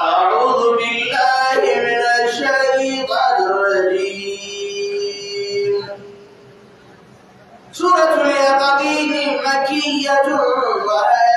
أعوذ بالله من الشيطان سورة اليقظين مكية وآية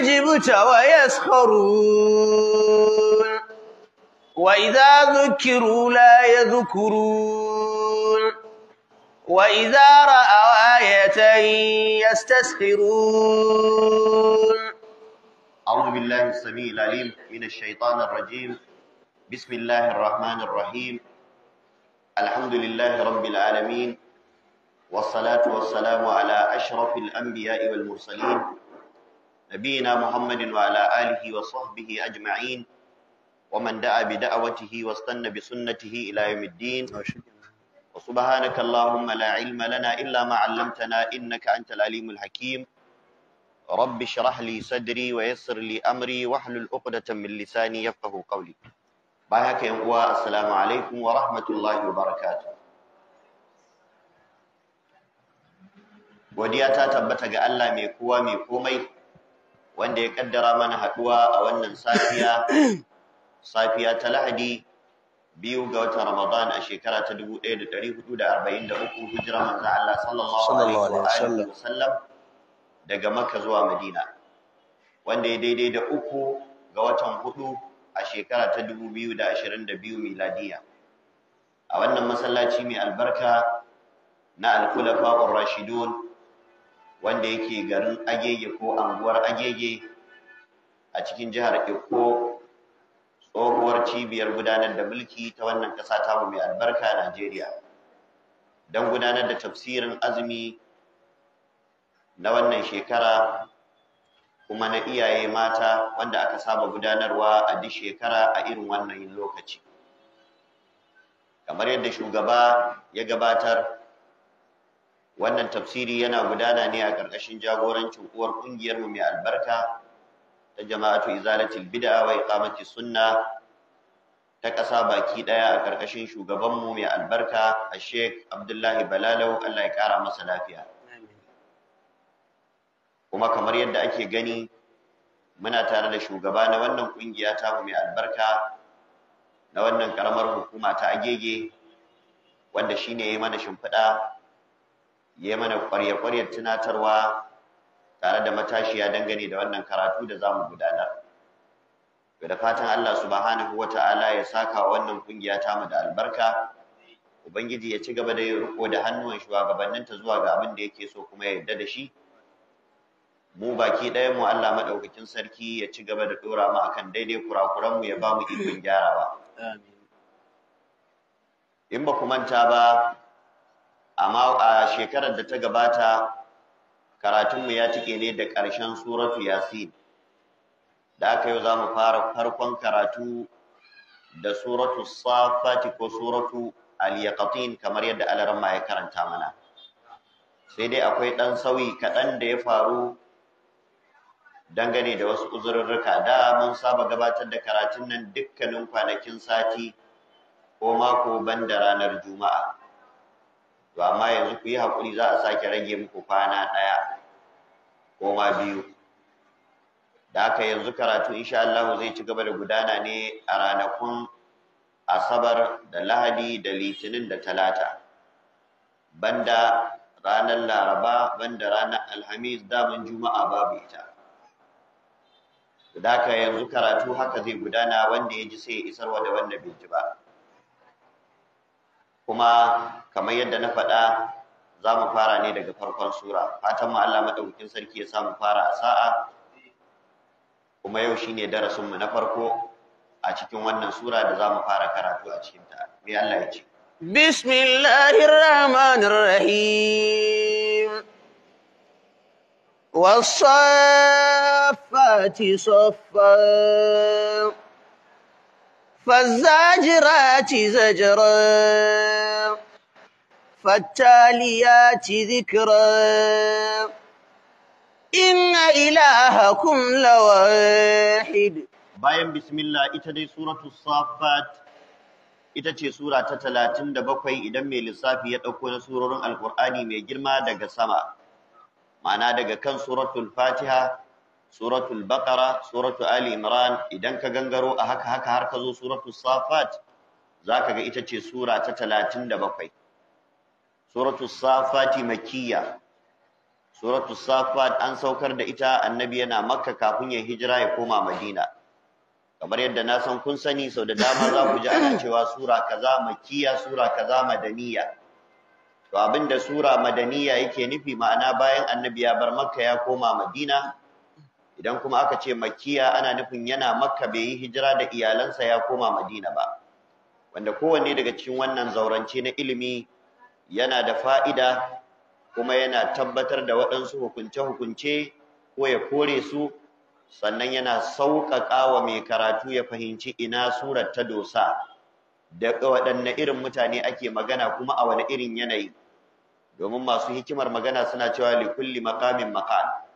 يجبت ويسخرون وإذا ذكروا لا يذكرون وإذا رأوا آية يستسخرون أعوذ بالله السميع العليم من الشيطان الرجيم بسم الله الرحمن الرحيم الحمد لله رب العالمين والصلاة والسلام على أشرف الأنبياء والمرسلين نبينا محمد وعلى آله وصحبه أجمعين ومن دعا بدعوته واستنى بسنته إلى يوم الدين وسبحانك اللهم لا علم لنا إلا ما علمتنا إنك أنت العليم الحكيم رب اشرح لي صدري ويسر لي أمري واحلل عقدة من لساني يفقه قولي بايعك يا السلام عليكم ورحمة الله وبركاته godiya ta tabbata ga Allah mai kowa mai komai wanda ya kaddara mana haduwa a wannan safiya safiya ta Lahadi biyu ga watan Ramadan a shekara ta 1443 hijira manzo Allah sallallahu alaihi wa sallam daga Makka zuwa Madina wanda ya daidai da uku ga watan hudu a shekara ta 2022 miladiya a wannan masallaci mai albarka na al-khulafa'ur rashidun wanda yake garin agege ko anguwar agege a cikin jihar Eko tsohuwar cibiyar gudanar da mulki ta wannan ƙasa tamu mai albarka Najeriya don gudanar da tafsirin azumi na wannan shekara kuma na iyaye mata wanda aka saba gudanarwa a duk shekara a irin wannan lokaci kamar yadda shugaba ya gabatar wannan tafsiri yana gudana ne a ƙarƙashin jagorancin uwar ƙungiyarmu mai albarka ta jama'atu izalatul bid'a wa iqamati sunna ta ƙasa baki ɗaya a ƙarƙashin shugabanmu mai albarka a sheik abdullahi balalau allah ya ƙara masa lafiya kuma kamar yadda ake gani muna tare da shugaba na wannan ƙungiya ta mai albarka na wannan ƙaramar hukuma ta agege wanda shine ya yi mana shimfiɗa yi mana ƙwarya ƙwarya tunatarwa tare da matashiya dangane da wannan karatu da za mu gudanar. Da fatan Allah subhanahu wa ta'ala ya saka wannan kungiya mu da albarka, Ubangiji ya ci gaba da yin riko da hannuwan shugabanninta zuwa ga abin da yake so kuma ya yarda da shi. Mu baki ɗayan mu Allah maɗaukakin sarki ya ci gaba da ɗora mu akan daidai kurakuranmu ya ba mu ikon gyarawa. In ba ku manta ba, amma a shekarar da ta gabata karatunmu ya cike ne da ƙarshen suratu yasin da aka yau za mu fara farkon karatu da suratu safati ko suratu aliyakatin kamar yadda ma ya karanta mana sai dai akwai ɗan sauyi kaɗan da ya faru dangane da wasu uzururruka, da mun saba gabatar da karatun nan dukkanin kwanakin sati ko mako ban da ranar juma'a to amma yanzu ku yi haƙuri za a sake rage muku kwana ɗaya ko ma biyu da haka yanzu karatu insha Allah zai ci gaba da gudana ne a ranakun Asabar da Lahadi da Litinin da Talata banda ranar Laraba banda ranar Alhamis mun Juma'a babu ita da haka yanzu karatu haka zai gudana wanda ya ji sai isarwa da wanda bai ji ba kuma kamar yadda na faɗa za mu fara ne daga farkon sura fatan mu Allah madaukakin sarki ya samu fara a sa'a kuma yau shine darasin mu na farko a cikin wannan sura da za mu fara karatu a cikin ta me Allah ya ce bismillahir rahmanir rahim was-saffati saffan فالزاجرات زجرا فالتاليات ذكرا إن إلهكم لواحد bayan bismillah ita dai suratu safat ita ce sura ta bakwai idan mai lissafi ya ɗauko na surorin Alƙur'ani mai girma daga sama ma'ana daga kan suratul fatiha suratul baqara suratul ali imran idan ka gangaro a haka haka har ka zo suratul safat zaka ga ita ce sura ta 37 suratul safati makkiya suratul safat an saukar da ita annabi yana makka kafin ya hijira ya koma madina kamar yadda na san kun sani sau da dama za ku ji ana cewa sura kaza makkiya sura kaza madaniya to abinda sura madaniya yake nufi ma'ana bayan annabi ya bar makka ya koma madina idan kuma aka ce Makiya ana nufin yana makka bai yi hijira da iyalansa ya koma madina ba wanda kowanne daga cikin wannan zaurance na ilimi yana da fa'ida kuma yana tabbatar da waɗansu hukunce-hukunce ko ya kore su sannan yana sauƙaƙa wa mai karatu ya fahimci ina surar ta dosa da waɗanne irin mutane ake magana kuma a wani irin yanayi domin masu hikimar magana suna cewa likulli maqamin maqal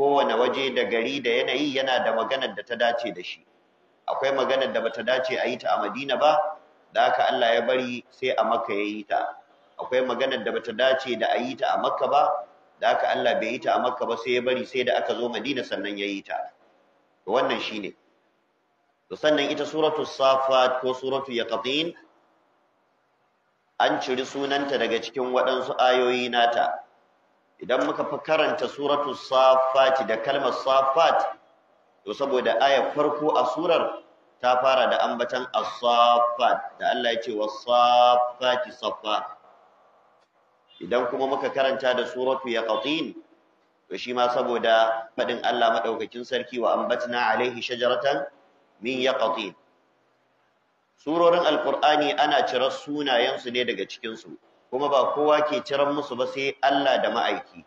kowane waje da gari da yanayi yana da maganar da ta dace da shi akwai maganar da bata dace a yi ta a Madina ba da haka Allah ya bari sai a Makka ya yi ta akwai maganar da bata dace da a yi ta a Makka ba da haka Allah bai yi ta a Makka ba sai ya bari sai da aka zo Madina sannan ya yi ta to wannan shine to sannan ita suratu safat ko suratu yaqatin an ciri sunanta daga cikin waɗansu ayoyi nata idan muka fi karanta suratul safati da kalmar safat to saboda ayar farko a surar ta fara da ambatan as-safat da Allah ya ce was-safati safa idan kuma muka karanta da suratu yaqatin to shi ma saboda fadin Allah madaukakin sarki wa ambatna alaihi shajaratan min yaqatin surorin alqur'ani ana cirar sunayen su ne daga cikin su kuma ba kowa ke ciran musu ba sai Allah da ma'aiki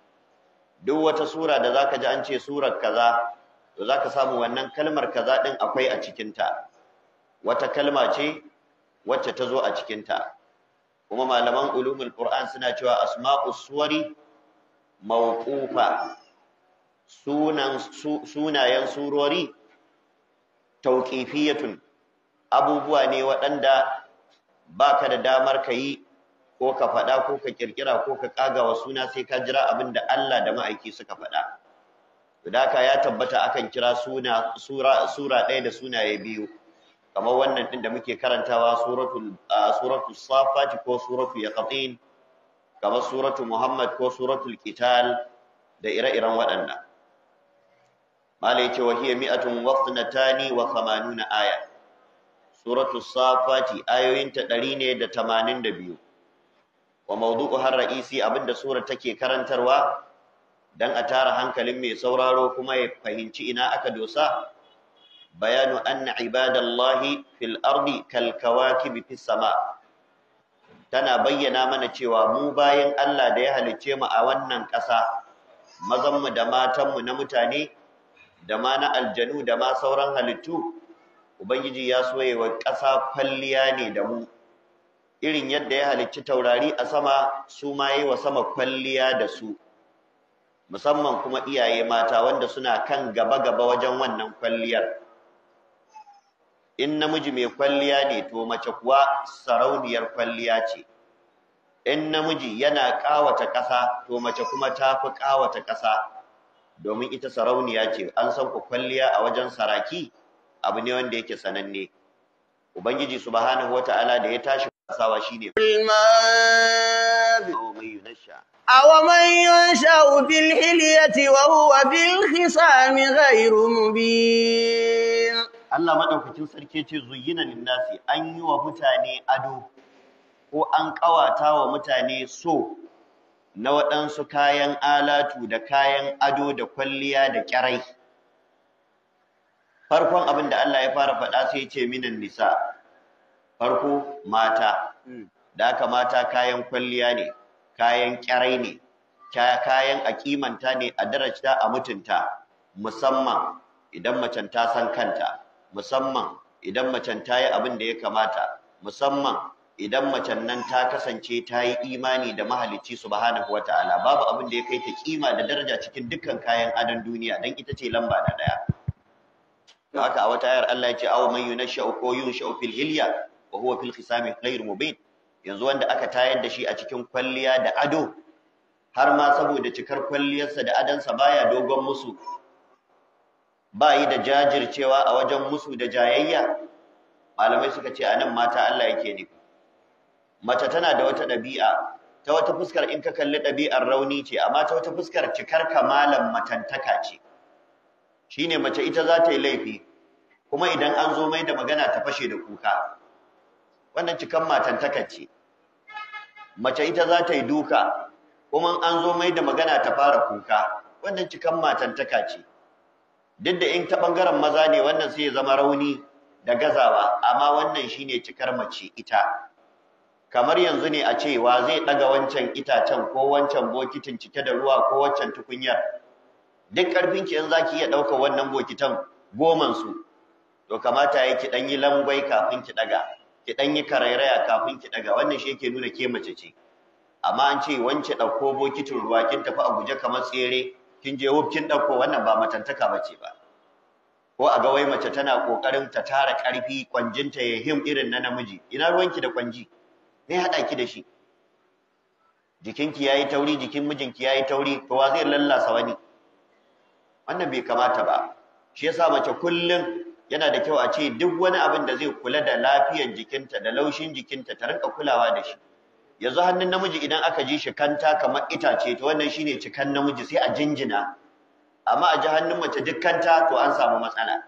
duk wata sura da zaka ji an ce surar kaza to zaka samu wannan kalmar kaza din akwai a cikin ta wata kalma ce wacce ta zo a cikin ta kuma malaman ulumul qur'an suna cewa asma'us suwari mawqufa sunan sunayen surori tauqifiyatun abubuwa ne waɗanda baka da damar ka ko ka faɗa ko ka kirkira ko ka ƙagawa suna sai ka jira abin da Allah da ma'aiki suka faɗa Daka ya tabbata akan kira suna sura sura ɗaya da sunaye biyu kamar wannan din da muke karantawa suratul suratul safat ko suratul yaqin kamar suratul muhammad ko suratul qital da ire-iren waɗannan malai ce wa hiya mi'atun wa tani wa thamanuna aya suratul safati ayoyinta ɗari ne da tamanin da biyu wa har ra'isi abinda sura take karantarwa dan a tara hankalin mai sauraro kuma ya fahimci ina aka dosa bayanu anna ibadallahi fil ardi kal kawakibi fis sama tana bayyana mana cewa mu bayan Allah da ya halicce mu a wannan ƙasa mazan mu da matan mu na mutane da ma na aljanu da ma sauran halittu ubangiji ya soyewa wa ƙasa kwalliya ne da mu irin yadda ya halicci taurari a sama su ma yi wa sama kwalliya da su musamman kuma iyaye mata wanda suna kan gaba-gaba wajen wannan kwalliyar in namiji mai kwalliya ne to mace kuwa sarauniyar kwalliya ce in namiji yana kawata ƙasa to mace kuma ta fi kawata ƙasa domin ita sarauniya ce an san ku kwalliya a wajen saraki abu ne wanda yake sananne ubangiji subhanahu wata'ala da ya tashi sawa shine أومن bil في wa huwa bil الخصام غير mubin Allah madaukakin sarki ce zuyyina nasi an yi wa mutane ado ko an kawata wa mutane so na waɗansu kayan alatu da kayan ado da kwalliya da ƙyarai farkon abin da Allah ya fara faɗa sai ya ce minan nisa farko mata da aka mata kayan kwalliya ne kayan kyarai ne kayan a kimanta ne a darajta a mutunta musamman idan macen ta san kanta musamman idan macen ta yi abin da ya kamata musamman idan macen nan ta kasance ta yi imani da mahalicci subhanahu wataala babu abin da ya kai ta kima da daraja cikin dukkan kayan adon duniya dan ita ce lamba na daya haka a wata ayar Allah ya ce awo man yunashu ko yin fil hilya wa huwa fil khisami ghairu yanzu wanda aka tayar da shi a cikin kwalliya da ado har ma saboda cikar kwalliyarsa da adansa baya dogon musu bayi da jajircewa a wajen musu da jayayya malamai suka ce anan mata Allah yake ne mace tana da wata ɗabi'a ta wata fuskar in ka kalli ɗabi'ar rauni ce amma ta wata fuskar cikar kamalan matantaka ce shine mace ita za ta yi laifi kuma idan an zo mai da magana ta fashe da kuka wannan cikan matantaka ce mace ita za ta yi duka kuma an zo mai da magana ta fara kuka wannan cikan matantaka ce duk da in ta bangaren maza ne wannan sai ya zama rauni da gazawa amma wannan shine cikar mace ita kamar yanzu ne a ce wa zai daga wancan itacen ko wancan bokitin cike da ruwa ko wancan tukunyar duk karfin ki in zaki iya dauka wannan bokitan goman su to kamata yake dan yi lambai kafin ki daga ki dan yi karairaya kafin ki daga wannan shi yake nuna ke mace ce amma an ce wance dauko bokitin ruwa kin tafi a guje kamar tsere kin je wuf kin dauko wannan ba matantaka bace ba ko a ga wai mace tana kokarin ta tara karfi kwanjinta ya him irin na namiji ina ruwanki da kwanji me hada ki da shi jikinki yayi tauri jikin mijinki yayi tauri to wa zai lallasa wani wannan bai kamata ba shi yasa mace kullum yana da kyau a ce duk wani abin da zai kula da lafiyar jikinta da laushin jikinta ta rinka kulawa da shi yanzu hannun namiji idan aka ji shi kanta kamar itace to wannan shine cikan namiji sai a jinjina amma a ji hannun mace duk kanta to an samu matsala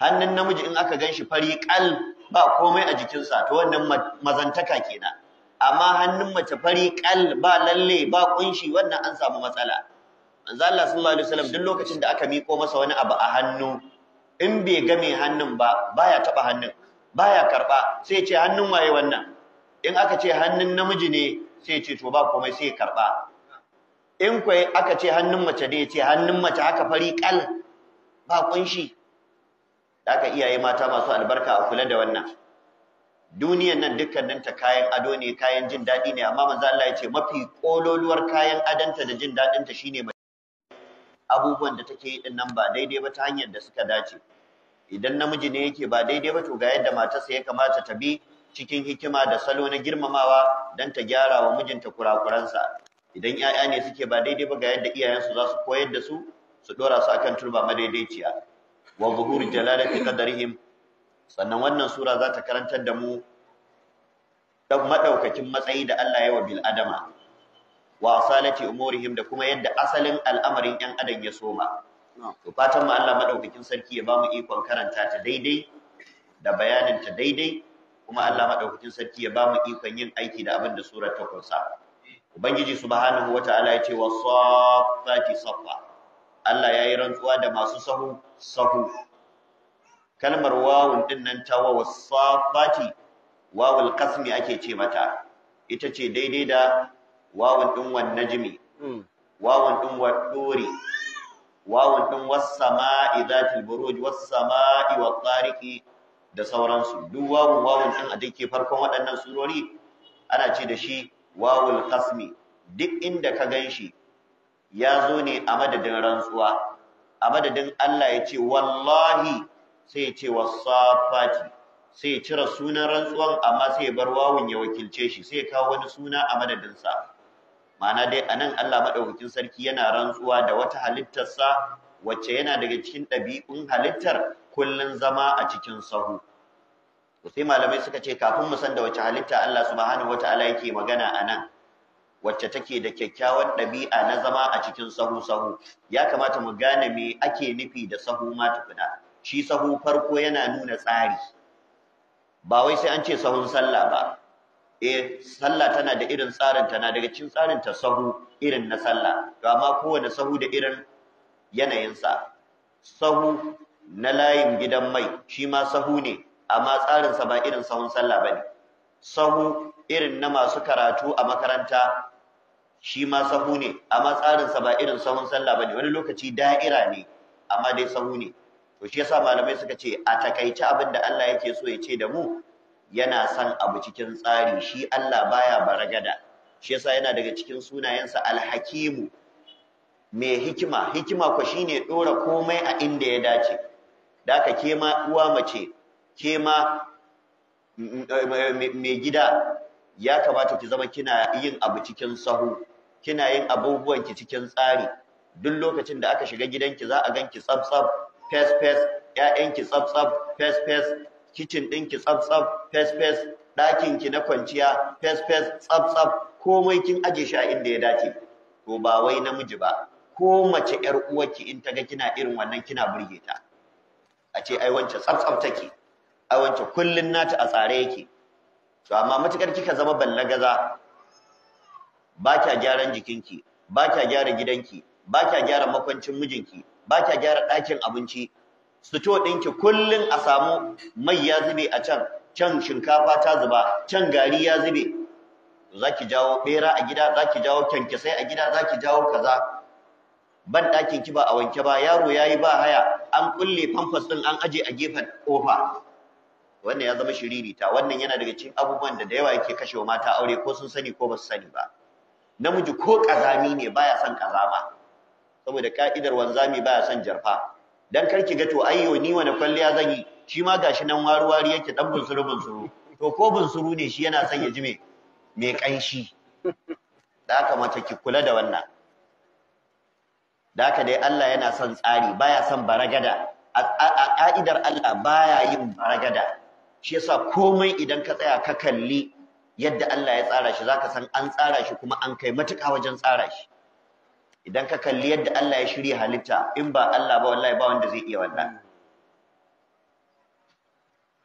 hannun namiji in aka gan shi fari kal ba komai a jikinsa to wannan mazantaka kenan amma hannun mace fari kal ba lalle ba kunshi wannan an samu matsala manzo Allah sallallahu alaihi wasallam duk lokacin da aka miko masa wani abu a hannu in bai ga mai hannun ba baya taba hannun baya karba sai ce hannun waye wannan in aka ce hannun namiji ne sai ce to ba komai sai karba in kwai aka ce hannun mace ne ce hannun mace haka fari kal ba kunshi aka iyaye mata masu albarka a kula da wannan duniyan nan dukkanin ta kayan ado ne kayan jin daɗi ne amma manzo Allah ya ce mafi kololuwar kayan adanta da jin daɗinta shine abubuwan da take yi din ba daidai ba ta hanyar da suka dace idan namiji ne yake ba daidai ba to ga yadda matarsa ya kamata ta bi cikin hikima da salo na girmamawa don ta gyara wa mijinta kurakuransa idan 'ya'ya ne suke ba daidai ba ga yadda iyayensu za su koyar da su su dora su akan turba madaidaiciya wa zuhur jalalati qadarihim sannan wannan sura za ta karantar da mu dan madaukakin matsayi da Allah ya wa bil adama wa asalati umurihim da kuma yadda asalin al'amarin yan adam ya soma to fatan mu Allah madaukakin sarki ya bamu ikon karanta ta daidai da bayanin ta daidai kuma Allah madaukakin sarki ya bamu ikon yin aiki da abin da surar ta kunsa ubangiji subhanahu wataala ya ce wasaffati saffa Allah ya yi rantsuwa da masu sahu sahu kalmar wawun din nan ta wasaffati wawul qasmi ake ce mata ita ce daidai da wawun din wan najmi hmm. wawun din wa turi wawun din was sama'i zatil buruj was sama'i wat tariqi da sauransu duk wawun wawun din a dake farkon waɗannan surori ana ce da shi wawul qasmi duk inda ka ganshi ya zo ne a madadin rantsuwa a madadin Allah ya ce wallahi sai ya ce wasafati sai ya cire sunan rantsuwan amma sai ya bar wawun ya wakilce shi sai ya kawo wani suna a madadinsa ma'ana dai anan Allah madaukakin sarki yana rantsuwa da wata halittarsa wacce yana daga cikin ɗabi'un halittar kullun zama a cikin sahu to sai malamai suka ce kafin mu san da wace halitta Allah subhanahu wataala yake magana anan wacce take da kyakkyawan ɗabi'a na zama a cikin sahu sahu ya kamata mu gane me ake nufi da sahu ma tukuna shi sahu farko yana nuna tsari ba wai sai an ce sahun sallah ba eh sallah tana da irin tsarin tana daga cikin tsarin ta sahu irin na sallah to amma kowane sahu da irin yanayinsa sahu na layin gidan mai shi ma sahu ne amma tsarinsa ba irin sahun sallah bane sahu irin na masu karatu a makaranta shi ma sahu ne amma tsarinsa ba irin sahun sallah bane wani lokaci da'ira ne amma dai sahu ne to shi yasa malamai suka ce a takaice abin da Allah yake so ya ce da mu yana son abu cikin tsari shi Allah baya baragada shi yasa yana daga cikin sunayensa hakimu mai hikima hikima ko shine dora komai a inda ya dace Da daka ke ma uwa mace ke ma mai mm, mm, eh, gida ya kamata ki zama kina yin abu cikin sahu kina yin abubuwan ki cikin tsari duk lokacin da aka shiga gidanki za a ganki tsaf tsaf fes fes ƴaƴanki tsaf tsaf fes fes kicin ɗinki tsaf-tsaf fes-fes ɗakinki na kwanciya fes-fes tsaf-tsaf komai kin aje shi a inda ya dace to ba wai namiji ba ko mace ƴar uwarki in ta ga kina irin wannan kina burge ta a ce ai wance tsaf-tsaf take ai wance kullun nata a tsare yake to amma matukar kika zama ballagaza ba kya gyaran jikinki ba kya gyara ki, ba kya gyara makwancin mijinki ba kya gyara ɗakin abinci sito ki kullum a samu mai ya zube a can can shinkafa ta zuba can gari ya zube za ki jawo ɓera a gida za ki jawo kyankyasai a gida za ki jawo kaza ban ɗakin ki ba a wanke ba yaro ya yi ba haya an kulle famfas ɗin an aje a gefen ƙofa wannan ya zama shiririta wannan yana daga cikin abubuwan da da yawa yake kashe wa mata aure ko sun sani ko ba su sani ba namiji ko ƙazami ne baya son ƙazama saboda ka'idar wanzami baya son jarfa dan kar ki ga to ayyo ni wani kwalliya zan yi shi ma gashi nan waruwari yake dan bunsuru bunsuru to ko bunsuru ne shi yana son ya ji me me kanshi da aka mace ki kula da wannan da aka dai Allah yana son tsari baya son baragada a ka'idar Allah baya yin baragada shi yasa komai idan ka tsaya ka kalli yadda Allah ya tsara shi zaka san an tsara shi kuma an kai matuƙa wajen tsara shi idan ka kalli yadda Allah ya shirya halitta in ba Allah ba wallahi ba wanda zai iya wannan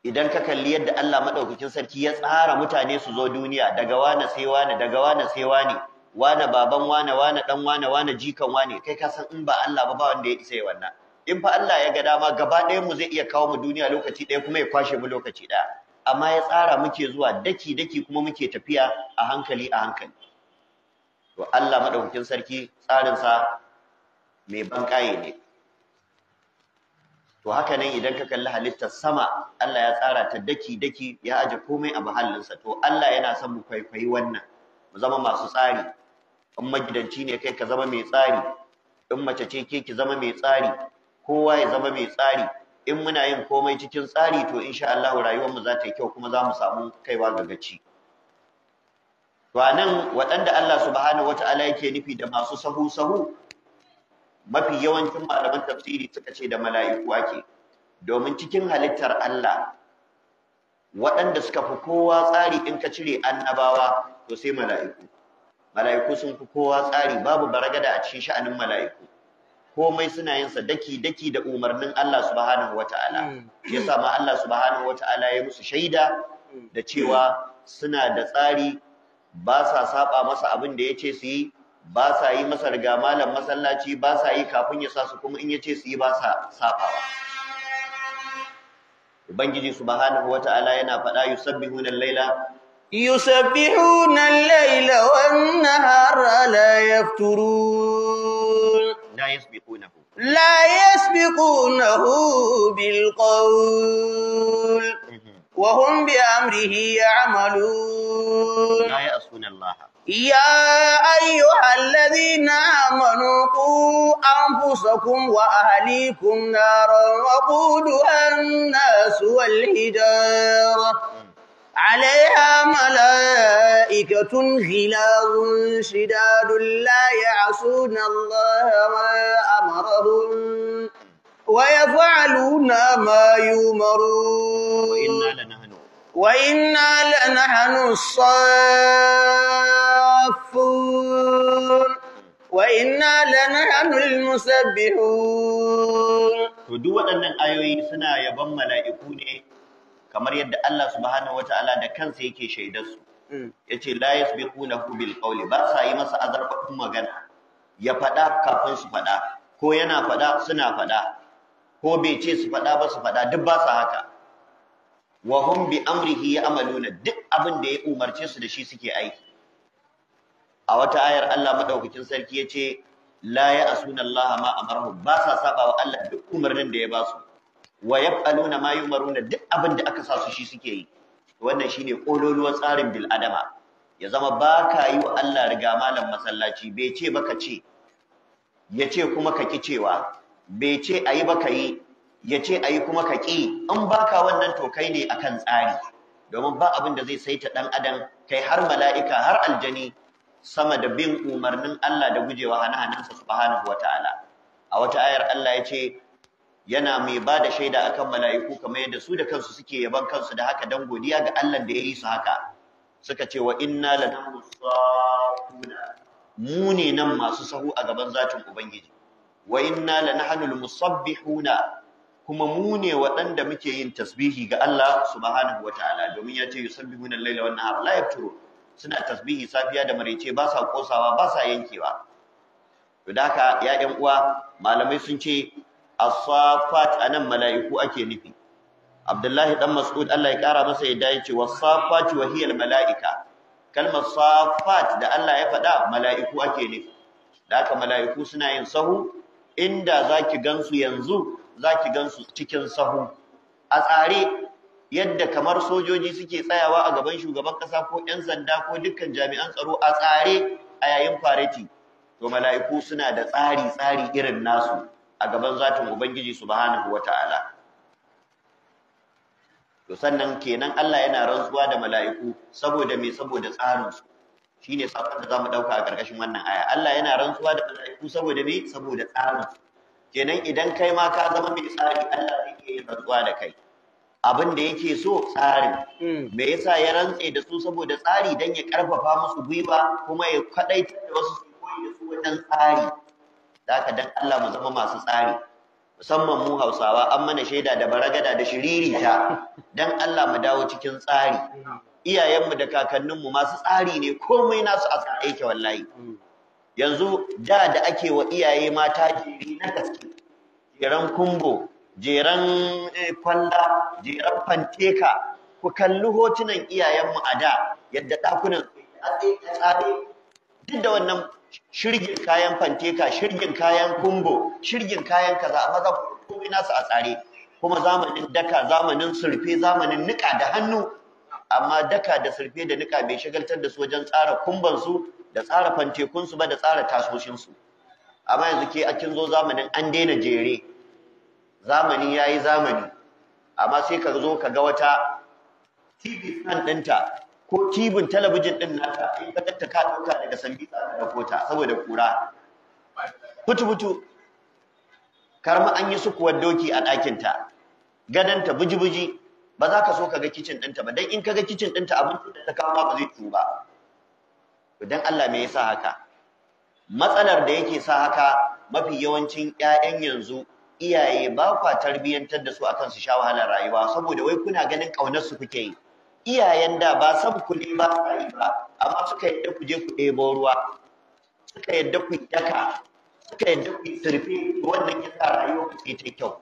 idan ka kalli yadda Allah madaukakin sarki ya tsara mutane su zo duniya daga wane sai wane daga wane sai wane wane baban wane wane dan wane wane jikan wane kai ka san in ba Allah ba ba wanda ya isa ya wannan in fa Allah ya ga dama gaba ɗayan mu zai iya kawo mu duniya lokaci ɗaya kuma ya kwashe mu lokaci ɗaya amma ya tsara muke zuwa daki-daki kuma muke tafiya a hankali a hankali to Allah madaukakin sarki tsarin sa mai bankaye ne to haka nan idan ka kalli halittar sama Allah ya tsara ta daki daki ya aje komai a mahallinsa to Allah yana son mu kwaikwayi wannan mu zama masu tsari in magidanci ne kai ka zama mai tsari in mace ce ke ki zama mai tsari kowa ya zama mai tsari in muna yin komai cikin tsari to insha Allah rayuwar mu za ta yi kyau kuma za mu samu kaiwa ga gaci to waɗanda Allah subhanahu wata'ala yake nufi da masu sahu sahu mafi yawancin malaman tafsiri suka ce da mala'iku ake domin cikin halittar Allah waɗanda suka fi kowa tsari in ka cire annabawa to sai mala'iku mala'iku sun fi kowa tsari babu baragada a cikin sha'anin mala'iku komai suna yin sa daki daki da umarnin Allah subhanahu wata'ala hmm. yasa ma Allah subhanahu wata'ala ya musu shaida da cewa suna da tsari ba sa saba masa abin da yace su yi ba sa yi masa riga malam masallaci ba sa yi kafin ya sa su kuma in yace su yi ba sa ba ubangiji subhanahu wataala yana faɗa yusabbihuna al-laila yusabbihuna al-laila wan-nahara la yafturun la yasbiqunahu la yasbiqunahu bil qawl وهم بأمره يعملون لا يعصون الله يا أيها الذين آمنوا قوا أنفسكم وأهليكم نارا وقودها الناس والحجارة عليها ملائكة غلاظ شداد لا يعصون الله ما أمرهم ويفعلون ما يؤمرون وإنا لنحن الصافون وإنا لنحن المسبحون to duk waɗannan ayoyi suna yabon mala'iku ne kamar yadda Allah subhanahu wataala da kansa yake shaidar su mm. yace la yasbiqunahu bil qawli ba sa yi masa azarfafin magana ya faɗa kafin su faɗa ko yana faɗa suna faɗa ko bai ce su faɗa ba su faɗa duk ba su haka wa hum bi amrihi ya'maluna duk abin da ya umarce su da shi suke aiki a wata ayar Allah madaukakin sarki yace la ya'suna Allah ma amarahum ba sa saba wa Allah duk umarnin da ya ba su wa yaf'aluna ma yumaruna duk abin da aka sa su shi suke yi wannan shine kololuwar tsarin bil adama ya zama ba ka yi wa Allah riga malam masallaci bai ce baka ce Ya ce kuma ka kicewa bai ce a yi ba yi, ya ce a yi kuma ka ƙi. in baka wannan to kai ne kan tsari domin ba abin da zai saita ɗan adam kai har mala'ika har aljani sama da bin umarnin Allah da gujewa hanahanansa subhanahu ta’ala a wata ayar Allah ya ce yana mai ba da shaida akan mala'iku kamar yadda su da kansu suke yaban kansu da haka don godiya ga Allah da ya yi su haka suka ce wa inna lanahnu sa'una mu ne nan masu sahu a gaban zatin ubangiji wa inna lanahnu almusabbihuna kuma mu ne waɗanda muke yin tasbihi ga Allah subhanahu wataala domin ya ce yusabbihuna al-laila wan nahar la yafturun suna tasbihi safiya da maraice ba sa kosawa ba sa yankewa to da haka ya ɗan uwa malamai sun ce as-safat anan mala'iku ake nufi Abdullahi dan Mas'ud Allah ya kara masa yadda yace was-safat wa hiya al-mala'ika kalmar safat da Allah ya faɗa mala'iku ake nufi da haka mala'iku suna yin sahu inda zaki gansu yanzu zaki gansu cikin sahu a tsare yadda kamar sojoji suke tsayawa a gaban shugaban ƙasa ko yan sanda ko dukkan jami'an tsaro a tsare a yayin fareti to mala'iku suna da tsari tsari irin nasu a gaban zatin ubangiji subhanahu wata'ala to sannan kenan Allah yana rantsuwa da mala'iku saboda me saboda tsarin su shine sabon da zamu dauka a karkashin wannan aya Allah yana rantsuwa da mala'iku saboda me saboda tsari kenan idan kai ma ka zama mai tsari Allah zai iya yin rantsuwa da kai abin da yake so tsari. Hmm. me yasa ya rantse da su saboda tsari dan ya karfafa musu gwiwa kuma ya kadaita da wasu su koyi da su wajen tsari zaka dan Allah mu zama masu tsari musamman mu Hausawa an mana shaida da baragada da shiririta dan Allah mu dawo cikin tsari iyayenmu da kakanninmu masu tsari ne komai nasu a tsare yake wallahi yanzu da da ake wa iyaye mata jeri na gaske jeran kumbo jeran eh, kwalla jeran fanteka ku kalli hotunan iyayenmu a da yadda ɗakunan tsare duk da wannan shirgin kayan fanteka shirgin kayan kumbo shirgin kayan kaza amma komai nasu a tsare kuma zamanin daka zamanin surfe zamanin nika da hannu amma daka da surfe da nika bai shagaltar da su wajen tsara kumban su da tsara fantekun su ba da tsara tasoshin su amma yanzu ke a kin zo zamanin an daina jere zamani yayi zamani amma sai ka zo ka ga wata TV stand ɗinta ko tibin talabijin ɗin nata in ka ka ɗauka daga sambisa da kota saboda kura futu futu karma an yi kuwa doki a ɗakinta gadanta buji-buji ba za ka so ka ga kicin ɗinta ba dan in ka ga kicin ɗinta abincin da ta kawo ma ba zai ciwu ba to dan Allah me yasa haka matsalar da yake sa haka mafi yawancin ƴaƴan yanzu iyaye ba kwa tarbiyyantar da su akan su sha wahalar rayuwa saboda wai kuna ganin ƙaunar su kuke yi iyayen da ba san ku ne ba ba amma suka yadda ku je ku ɗebo ruwa suka yadda ku daka suka yadda ku surfe wannan yasa rayuwa ku ce ta kyau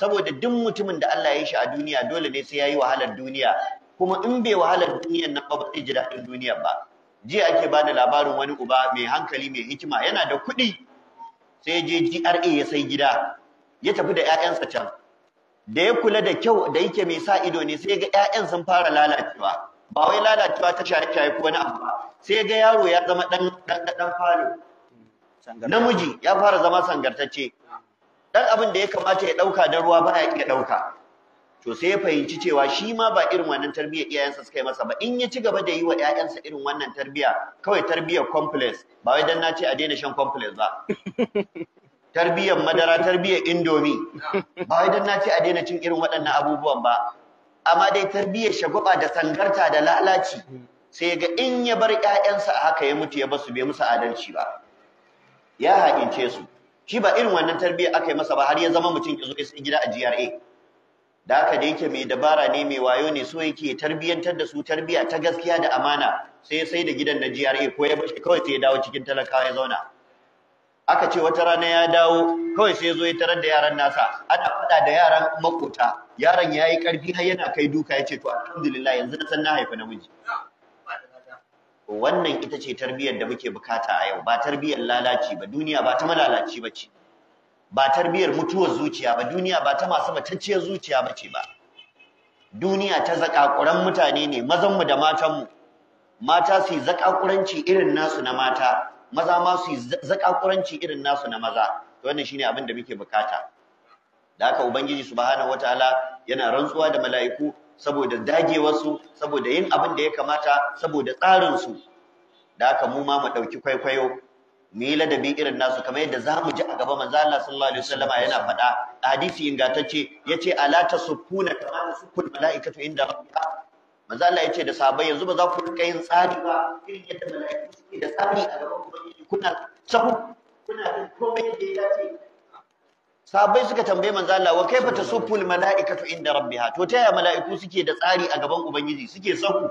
saboda duk mutumin da Allah ya yi shi a duniya dole ne sai ya yi wahalar duniya kuma in bai wahalar duniyar nan ba ba zai ji daɗin duniya ba jiya ake ba da labarin wani uba mai hankali mai hikima yana da kuɗi sai ya je GRA ya sai gida ya tafi da ƴaƴansa can da ya kula da kyau da yake mai sa ido ne sai ga ƴaƴan sun fara lalacewa ba wai lalacewa ta shaye-shaye ko wani abu sai sai ga yaro ya zama ɗan ɗan falo namiji ya fara zama sangartacce dan abin da ya kamata ya dauka da ruwa baya iya dauka to sai ya fahimci cewa shi ma ba irin wannan tarbiyyar iyayensa suka yi masa ba in ya ci gaba da yi wa iyayensa irin wannan tarbiyya kawai tarbiyyar complex ba wai dan na a daina shan complex ba tarbiyyar madara tarbiyyar indomie. ba wai dan na a daina cin irin waɗannan abubuwan ba amma dai tarbiyyar shagwaba da sangarta da lalaci sai ga in ya bar 'ya'yansa a haka ya mutu ya ba su bai musu adalci ba ya haƙince su shi ba irin wannan tarbiyyar aka yi masa ba har ya zama mutum ki zo gida a GRA da haka da yake mai dabara ne mai wayo ne so yake tarbiyyantar da su tarbiyya ta gaskiya da amana sai sai da gidan na GRA ko ya kawai sai ya dawo cikin talakawa ya zauna aka ce wata rana ya dawo kawai sai ya zo ya tarar da yaran nasa ana faɗa da yaran makota yaron yayi karfi har yana kai duka ya ce to alhamdulillah yanzu na san na haifa namiji wannan ita ce tarbiyyar da muke bukata a yau ba tarbiyyar lalaci ba duniya ba ta malalaci ba ce ba tarbiyyar mutuwar zuciya ba duniya ba ta masu matacciyar zuciya ba ce ba duniya ta zakakuran mutane ne mazanmu da matanmu mata su yi zakakuranci irin nasu na mata maza ma su yi zakakuranci irin nasu na maza to wannan shine abin da muke bukata da haka ubangiji subhanahu wataala yana rantsuwa da mala'iku saboda dagewarsu saboda yin abin da ya kamata saboda tsarinsu da haka mu ma mu ɗauki kwaikwayo mu yi ladabi irin nasu kamar yadda za mu ji a gaba manzo Allah sallallahu alaihi wasallama yana faɗa hadisi ingantacce yace ala tasuffuna kama tasufful malaikatu inda rabbiha manzo Allah yace da sahabbai yanzu ba za ku rika yin tsari ba irin yadda malaikatu suke da tsari a gaban ubangiji kuna sahu kuna komai da ya dace sahabbai suka tambaye manzo Allah wa kaifa tasuffu malaikatu inda rabbiha to ta ya mala'iku suke da tsari a gaban ubangiji suke saku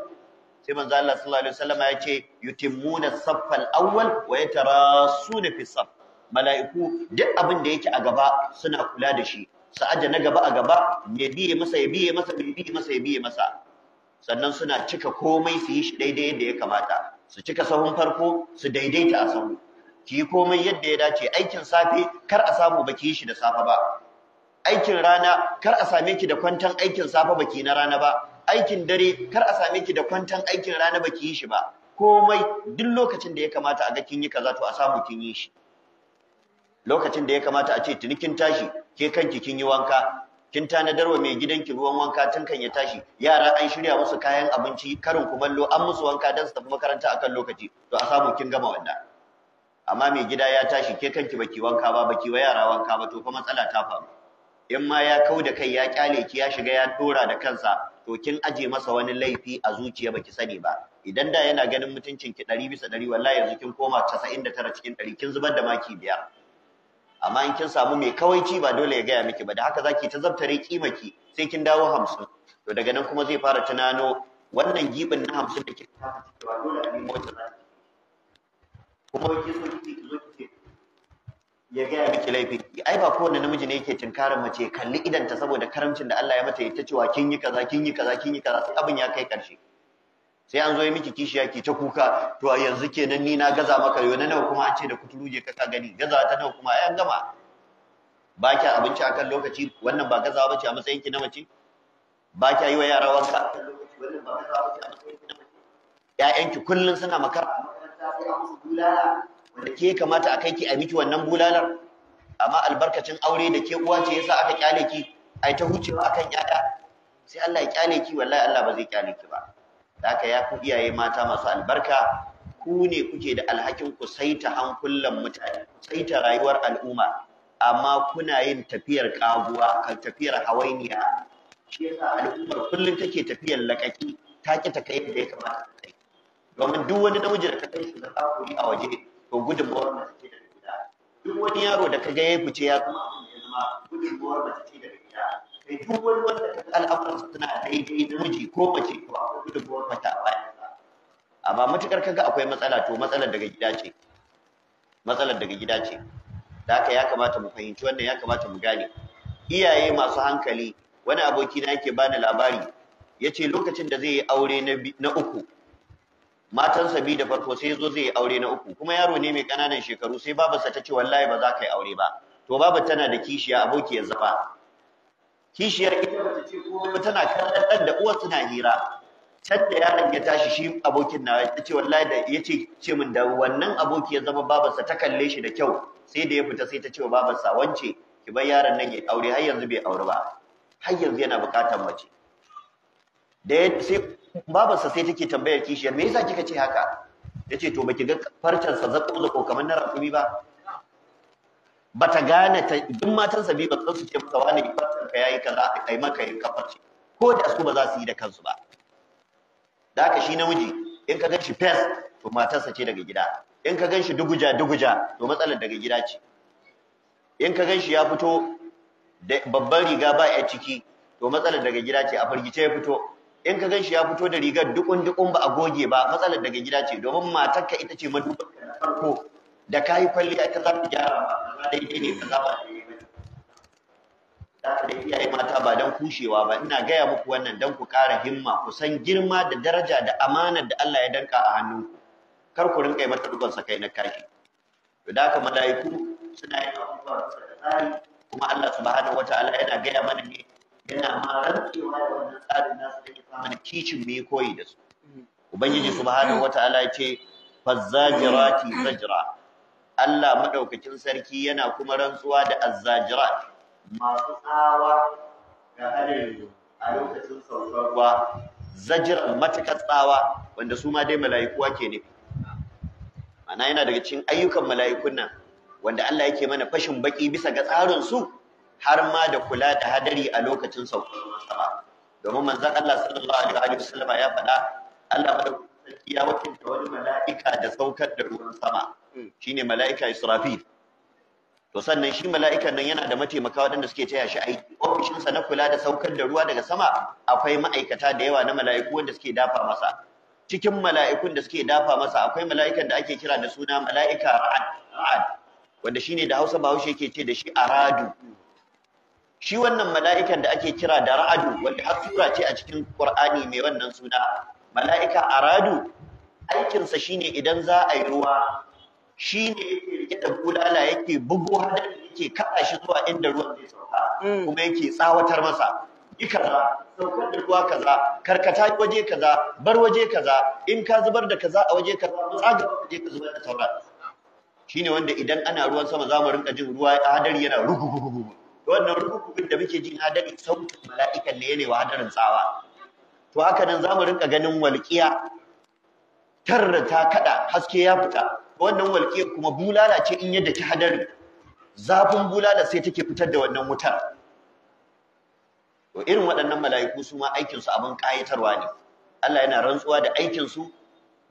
sai manzo Allah sallallahu alaihi wasallama ya ce yutimmuna saffal awwal wa yatarasuna fi saff mala'iku duk abin da yake a gaba suna kula da shi sa'ada na gaba a gaba ne biye masa ya biye masa biye masa ya biye masa sannan suna cika komai su yi shi daidai yadda ya kamata su cika sahun farko su daidaita a sahun ki komai yadda ya dace aikin safe kar a samu baki shi da safe ba aikin rana kar a same ki da kwantan aikin safe baki na rana ba aikin dare kar a same ki da kwantan aikin rana baki yi shi ba komai duk lokacin da ya kamata a ga kin yi kaza to a samu kin yi shi lokacin da ya kamata a ce tuni kin tashi ke kanki kin yi wanka kin tanadar wa mai gidanki ruwan wanka tun kan ya tashi yara an shirya musu kayan abinci karin kumallo an musu wanka don su tafi makaranta akan lokaci to a samu kin gama wannan amma mai gida ya tashi ke kanki baki wanka ba baki wa yara wanka ba to fa matsala ta faru in ma ya kau da kai ya kyale ki ya shiga ya dora da kansa to kin aje masa wani laifi a zuciya baki sani ba idan da yana ganin mutuncin ki 100 bisa 100 wallahi yanzu kin koma 99 cikin 100 kin zubar da maki biyar amma in kin samu mai kawaici ba dole ya gaya miki ba da haka zaki ta zabtare kimaki sai kin dawo 50 to daga nan kuma zai fara tunano wannan gibin na 50 da kika fara cewa dole a nemo wata kuma wai ki so kike ki zo ki ce ya gaya miki laifi ai ba kowane namiji ne yake tinkarin mace kalli idanta saboda karamcin da Allah ya mata ya tace wa kin yi kaza kin yi kaza kin yi kaza sai abin ya kai karshe sai an zo ya miki kishiya ki ta kuka to yanzu kenan ni na gaza maka yau na nawa kuma an ce da kuturu je ka gani gaza ta nawa kuma ai an gama ba kya abinci a kan lokaci wannan ba gazawa ba ce a matsayin ki na mace ba kya yi wa yara wanka wannan ba gazawa ƴaƴanki kullun suna makara ta ke kamata a kai ki a miki wannan bulalar amma albarkacin aure da ke uwa ce yasa aka kyale ki ai ta ba akan yaya sai Allah ya kyale ki wallahi Allah ba zai kyale ki ba da haka ya ku iyaye mata masu albarka ku ne kuke da alhakin ku saita hankulan mutane saita rayuwar al'umma amma kuna yin tafiyar kaguwa kan tafiyar hawainiya shi yasa al'ummar kullum take tafiyar lakaki ta ta kai da ya kamata domin duk wani namiji da ka kai shi na tsakuri a waje to gudunmawar mace ce daga gida duk wani yaro da ka ga ya fice ya kuma abin da ya zama gudunmawar mace ce daga gida kai duk wani wanda ka al'amuransa suna daidai namiji ko mace to akwai gudunmawar mace a bayan amma matukar kaga akwai matsala to matsalar daga gida ce matsalar daga gida ce da haka ya kamata mu fahimci wannan ya kamata mu gane iyaye masu hankali wani aboki na yake bani labari yace lokacin da zai yi aure na uku Matan biyu da farko sai zo zai aure na uku kuma yaro ne mai kananan shekaru sai babarsa ta ce wallahi ba za ka yi aure ba to babar tana da kishiya abokiyar zafa kishiyar ita ba ta ce ko tana kallon dan da uwar tana hira can da yaron ya tashi shi abokin na ya ce wallahi da ya ce ce min da wannan aboki ya zama sa ta kalle shi da kyau sai da ya fita sai ta ce wa sa wance ki bar yaron nan ya aure har yanzu bai aure ba har yanzu yana bukatar mace da sai babarsa sai take tambayar kishiyar me yasa kika ce haka yace to baki ga farcan sa zakko zakko kamar na rakumi ba bata gane ta duk matan sa biyu ba su ce maka wani farcan ka yayi kaza a kai maka yin kafarci ko da su ba za su yi da kansu ba da haka shi namiji in ka ganshi fes to matarsa ce daga gida in ka ganshi duguja duguja to matsalar daga gida ce in ka ganshi ya fito babban riga ba ya ciki to matsalar daga gida ce a firgice ya fito in ka gan shi ya fito da rigar dukun dukun ba a goge ba matsalar daga gida ce domin matarka ita ce madubar farko da ka yi kwalliya ita za ta gyara ba daidai ne ka za ba da yi iyaye mata ba don kushewa ba ina gaya muku wannan don ku ƙara himma ku san girma da daraja da amanar da Allah ya danka a hannunku kar ku rinka yi mata sa kai na kashi to da haka suna yin abubuwa da tsari kuma Allah subhanahu Ta'ala yana gaya mana ne yana ma rantsewa da wannan tsarin nasu da ke fama kicin mu yi koyi da su mm. ubangiji subhanahu wataala ya ce fazzajirati zajra Allah madaukakin sarki yana kuma rantsuwa da azzajirat masu tsawa ga harin a lokacin saukar ruwa zajiran matakar tsawa wanda su ma dai mala'iku ake nufi ana yana daga cikin ayyukan mala'ikun nan wanda Allah yake mana fashin baki bisa ga tsarin su har ma da kula da hadari a lokacin saukar sama domin manzon Allah sallallahu alaihi wasallam ya faɗa Allah madaukaki ya wakilta wani mala'ika da saukar da ruwan sama shine mala'ika Israfil to sannan shi mala'ikan nan yana da mataimaka waɗanda suke taya shi aiki ofishinsa na kula da saukar da ruwa daga sama akwai ma'aikata da yawa na mala'iku wanda suke dafa masa cikin mala'ikun da suke dafa masa akwai mala'ikan da ake kira da suna mala'ika ra'ad wanda shine da Hausa Bahaushe yake ce da shi aradu shi wannan mala'ikan da ake kira da ra'adu wanda har sura ce a cikin Qur'ani mai wannan suna mala'ika aradu aikinsa shine idan za a yi ruwa shine yake rike da bulala yake bugo hadari yake kaɗa shi zuwa inda ruwan zai sauka mm. kuma yake tsawatar masa yi kaza saukar da ruwa kaza karkata waje kaza bar waje kaza in ka zubar da kaza a waje kaza tsaga waje ka zubar da sauran shine wanda idan ana ruwan sama za mu rinka jin ruwa hadari yana rugugugugu da wannan rukukun da muke jin hadari sautin mala'ikan ne ne wa hadarin tsawa to haka nan zamu rinka ganin walƙiya tarra ta kada haske ya fita wannan walƙiya kuma bulala ce in yadda ta hadari zafin bulala sai take fitar da wannan wutar to irin waɗannan mala'iku su ma aikin su abin kayatarwa ne Allah yana rantsuwa da aikin su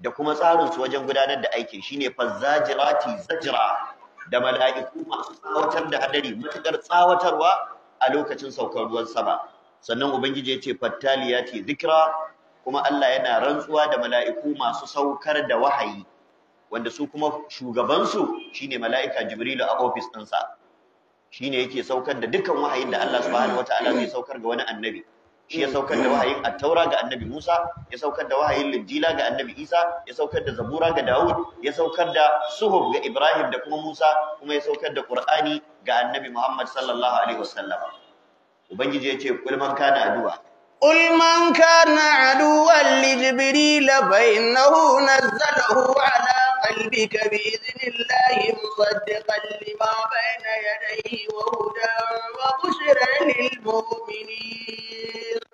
da kuma tsarin su wajen gudanar da aikin shine fazzajirati zajra da mala'iku masu tsawatar da hadari matukar tsawatarwa a lokacin saukar ruwan sama sannan ubangiji ya ce fattali ya ce zikira kuma Allah yana rantsuwa da mala'iku masu saukar da wahayi wanda su kuma shugabansu shine mala'ika jibrilu a ofis ɗinsa shine yake saukar da dukkan wahayin da Allah subhanahu wataala zai saukar ga wani annabi shi ya saukar da wahayin attaura ga annabi Musa ya saukar da wahayin linjila ga annabi Isa ya saukar da zabura ga Dawud ya saukar da suhuf ga Ibrahim da kuma Musa kuma ya saukar da Qur'ani ga annabi Muhammad sallallahu alaihi wasallam ubangiji yace kul man kana addu'a qul man kana aduwan li jibril fa innahu nazzalahu ala qalbika bi idhnillahi musaddiqan lima bayna yadayhi wa wa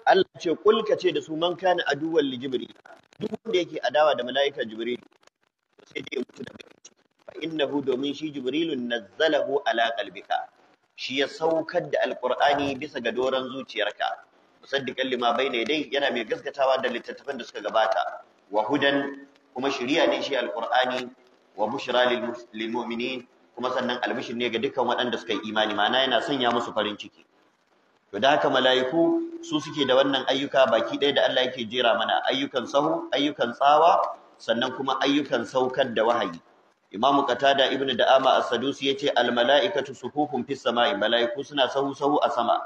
Allah ce kul ce da su man kana aduwwan li jibril duk wanda yake adawa da mala'ika jibril sai dai mutu da daga fa innahu domin shi jibrilun nazzalahu ala qalbika shi ya saukar da alqur'ani bisa ga doran zuciyarka musaddiqan lima bayna yadai yana mai gaskatawa da littattafan da suka gabata wa hudan kuma shari'a ne shi alqur'ani wa bushra lil mu'minin kuma sannan albishir ne ga dukkan waɗanda suka yi imani ma'ana yana sanya musu farin ciki to da haka mala'iku su suke da wannan ayyuka baki ɗaya da Allah yake jera mana ayyukan sahu ayyukan tsawa sannan kuma ayyukan saukar da wahayi Imam Qatada ibn Da'ama as-Sadusi yace al-mala'ikatu suhufun fis sama'i mala'iku suna sahu sahu a sama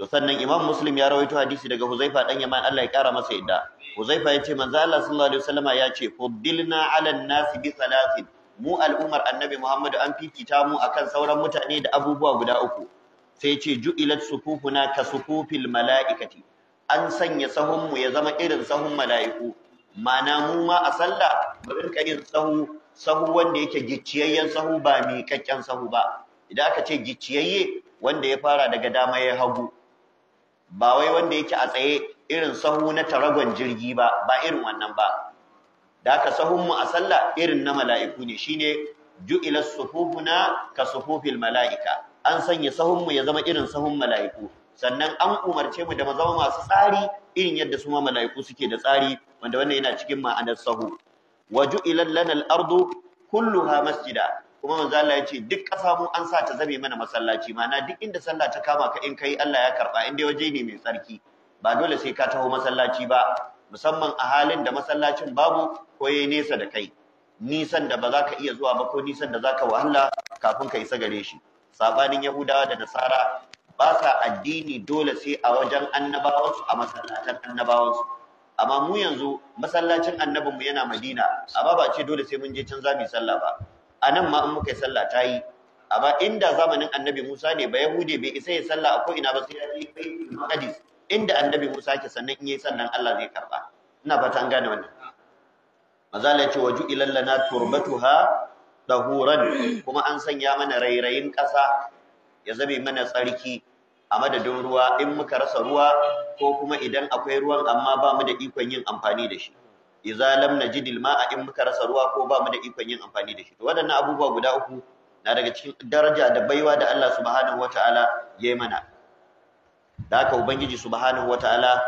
to sannan Imam Muslim ya rawaito hadisi daga Huzaifa dan Yaman Allah ya kara masa yadda Huzaifa yace manzo Allah sallallahu alaihi wasallama yace fuddilna 'ala an-nasi bi thalathin mu al-umar annabi Muhammadu an fitita mu akan sauran mutane da abubuwa guda uku sai ce ju'ilat sufufuna ka sufufil mala'ikati an sanya sahunmu ya zama irin sahun mala'iku ma'ana mu ma a sallah mu rinka yin sahu sahu wanda yake gicciyayyen sahu ba mai kakken sahu ba idan aka ce gicciyayye wanda ya fara daga dama ya hagu ba wai wanda yake a tsaye irin sahu na taragon jirgi ba ba irin wannan ba da aka sahun mu a sallah irin na mala'iku ne shine ju'ilas sufufuna ka sufufil mala'ika an sanya sahunmu ya zama irin sahun mala'iku sannan an umarce mu da mu masu tsari irin yadda su ma mala'iku suke da tsari wanda wannan yana cikin ma'anar sahu waju ilal lanal ardu kulluha masjida kuma manzo Allah ya ce duk ƙasa mu an sa ta zame mana masallaci ma'ana duk inda sallah ta kama ka in kai Allah ya karba in dai waje ne mai tsarki ba dole sai ka taho masallaci ba musamman a halin da masallacin babu ko yayi nesa da kai nisan da ba za ka iya zuwa ba ko nisan da za ka wahala kafin ka isa gare shi sabanin yahudawa da nasara ba sa addini dole sai a wajen annabawansu a masallatan annabawansu amma mu yanzu masallacin annabinmu yana madina amma ba ce dole sai mun je can za mu sallah ba a ma in muka yi sallah ta yi amma inda zamanin annabi musa ne ba yahude bai isa ya sallah a ko'ina ba sai ya yi hadis inda annabi musa ke sannan in yi sannan allah zai karba ina fata an gane wannan Mazalai ce waju ilallana turbatuha dahuran kuma an sanya mana rairayin ƙasa ya zame mana tsarki a madadin ruwa in muka rasa ruwa ko kuma idan akwai ruwan amma ba mu da ikon yin amfani da shi idza lam najid ma'a in muka rasa ruwa ko ba mu da ikon yin amfani da shi to waɗannan abubuwa guda uku na daga cikin daraja da baiwa da Allah subhanahu wataala ya yi mana da haka ubangiji subhanahu wataala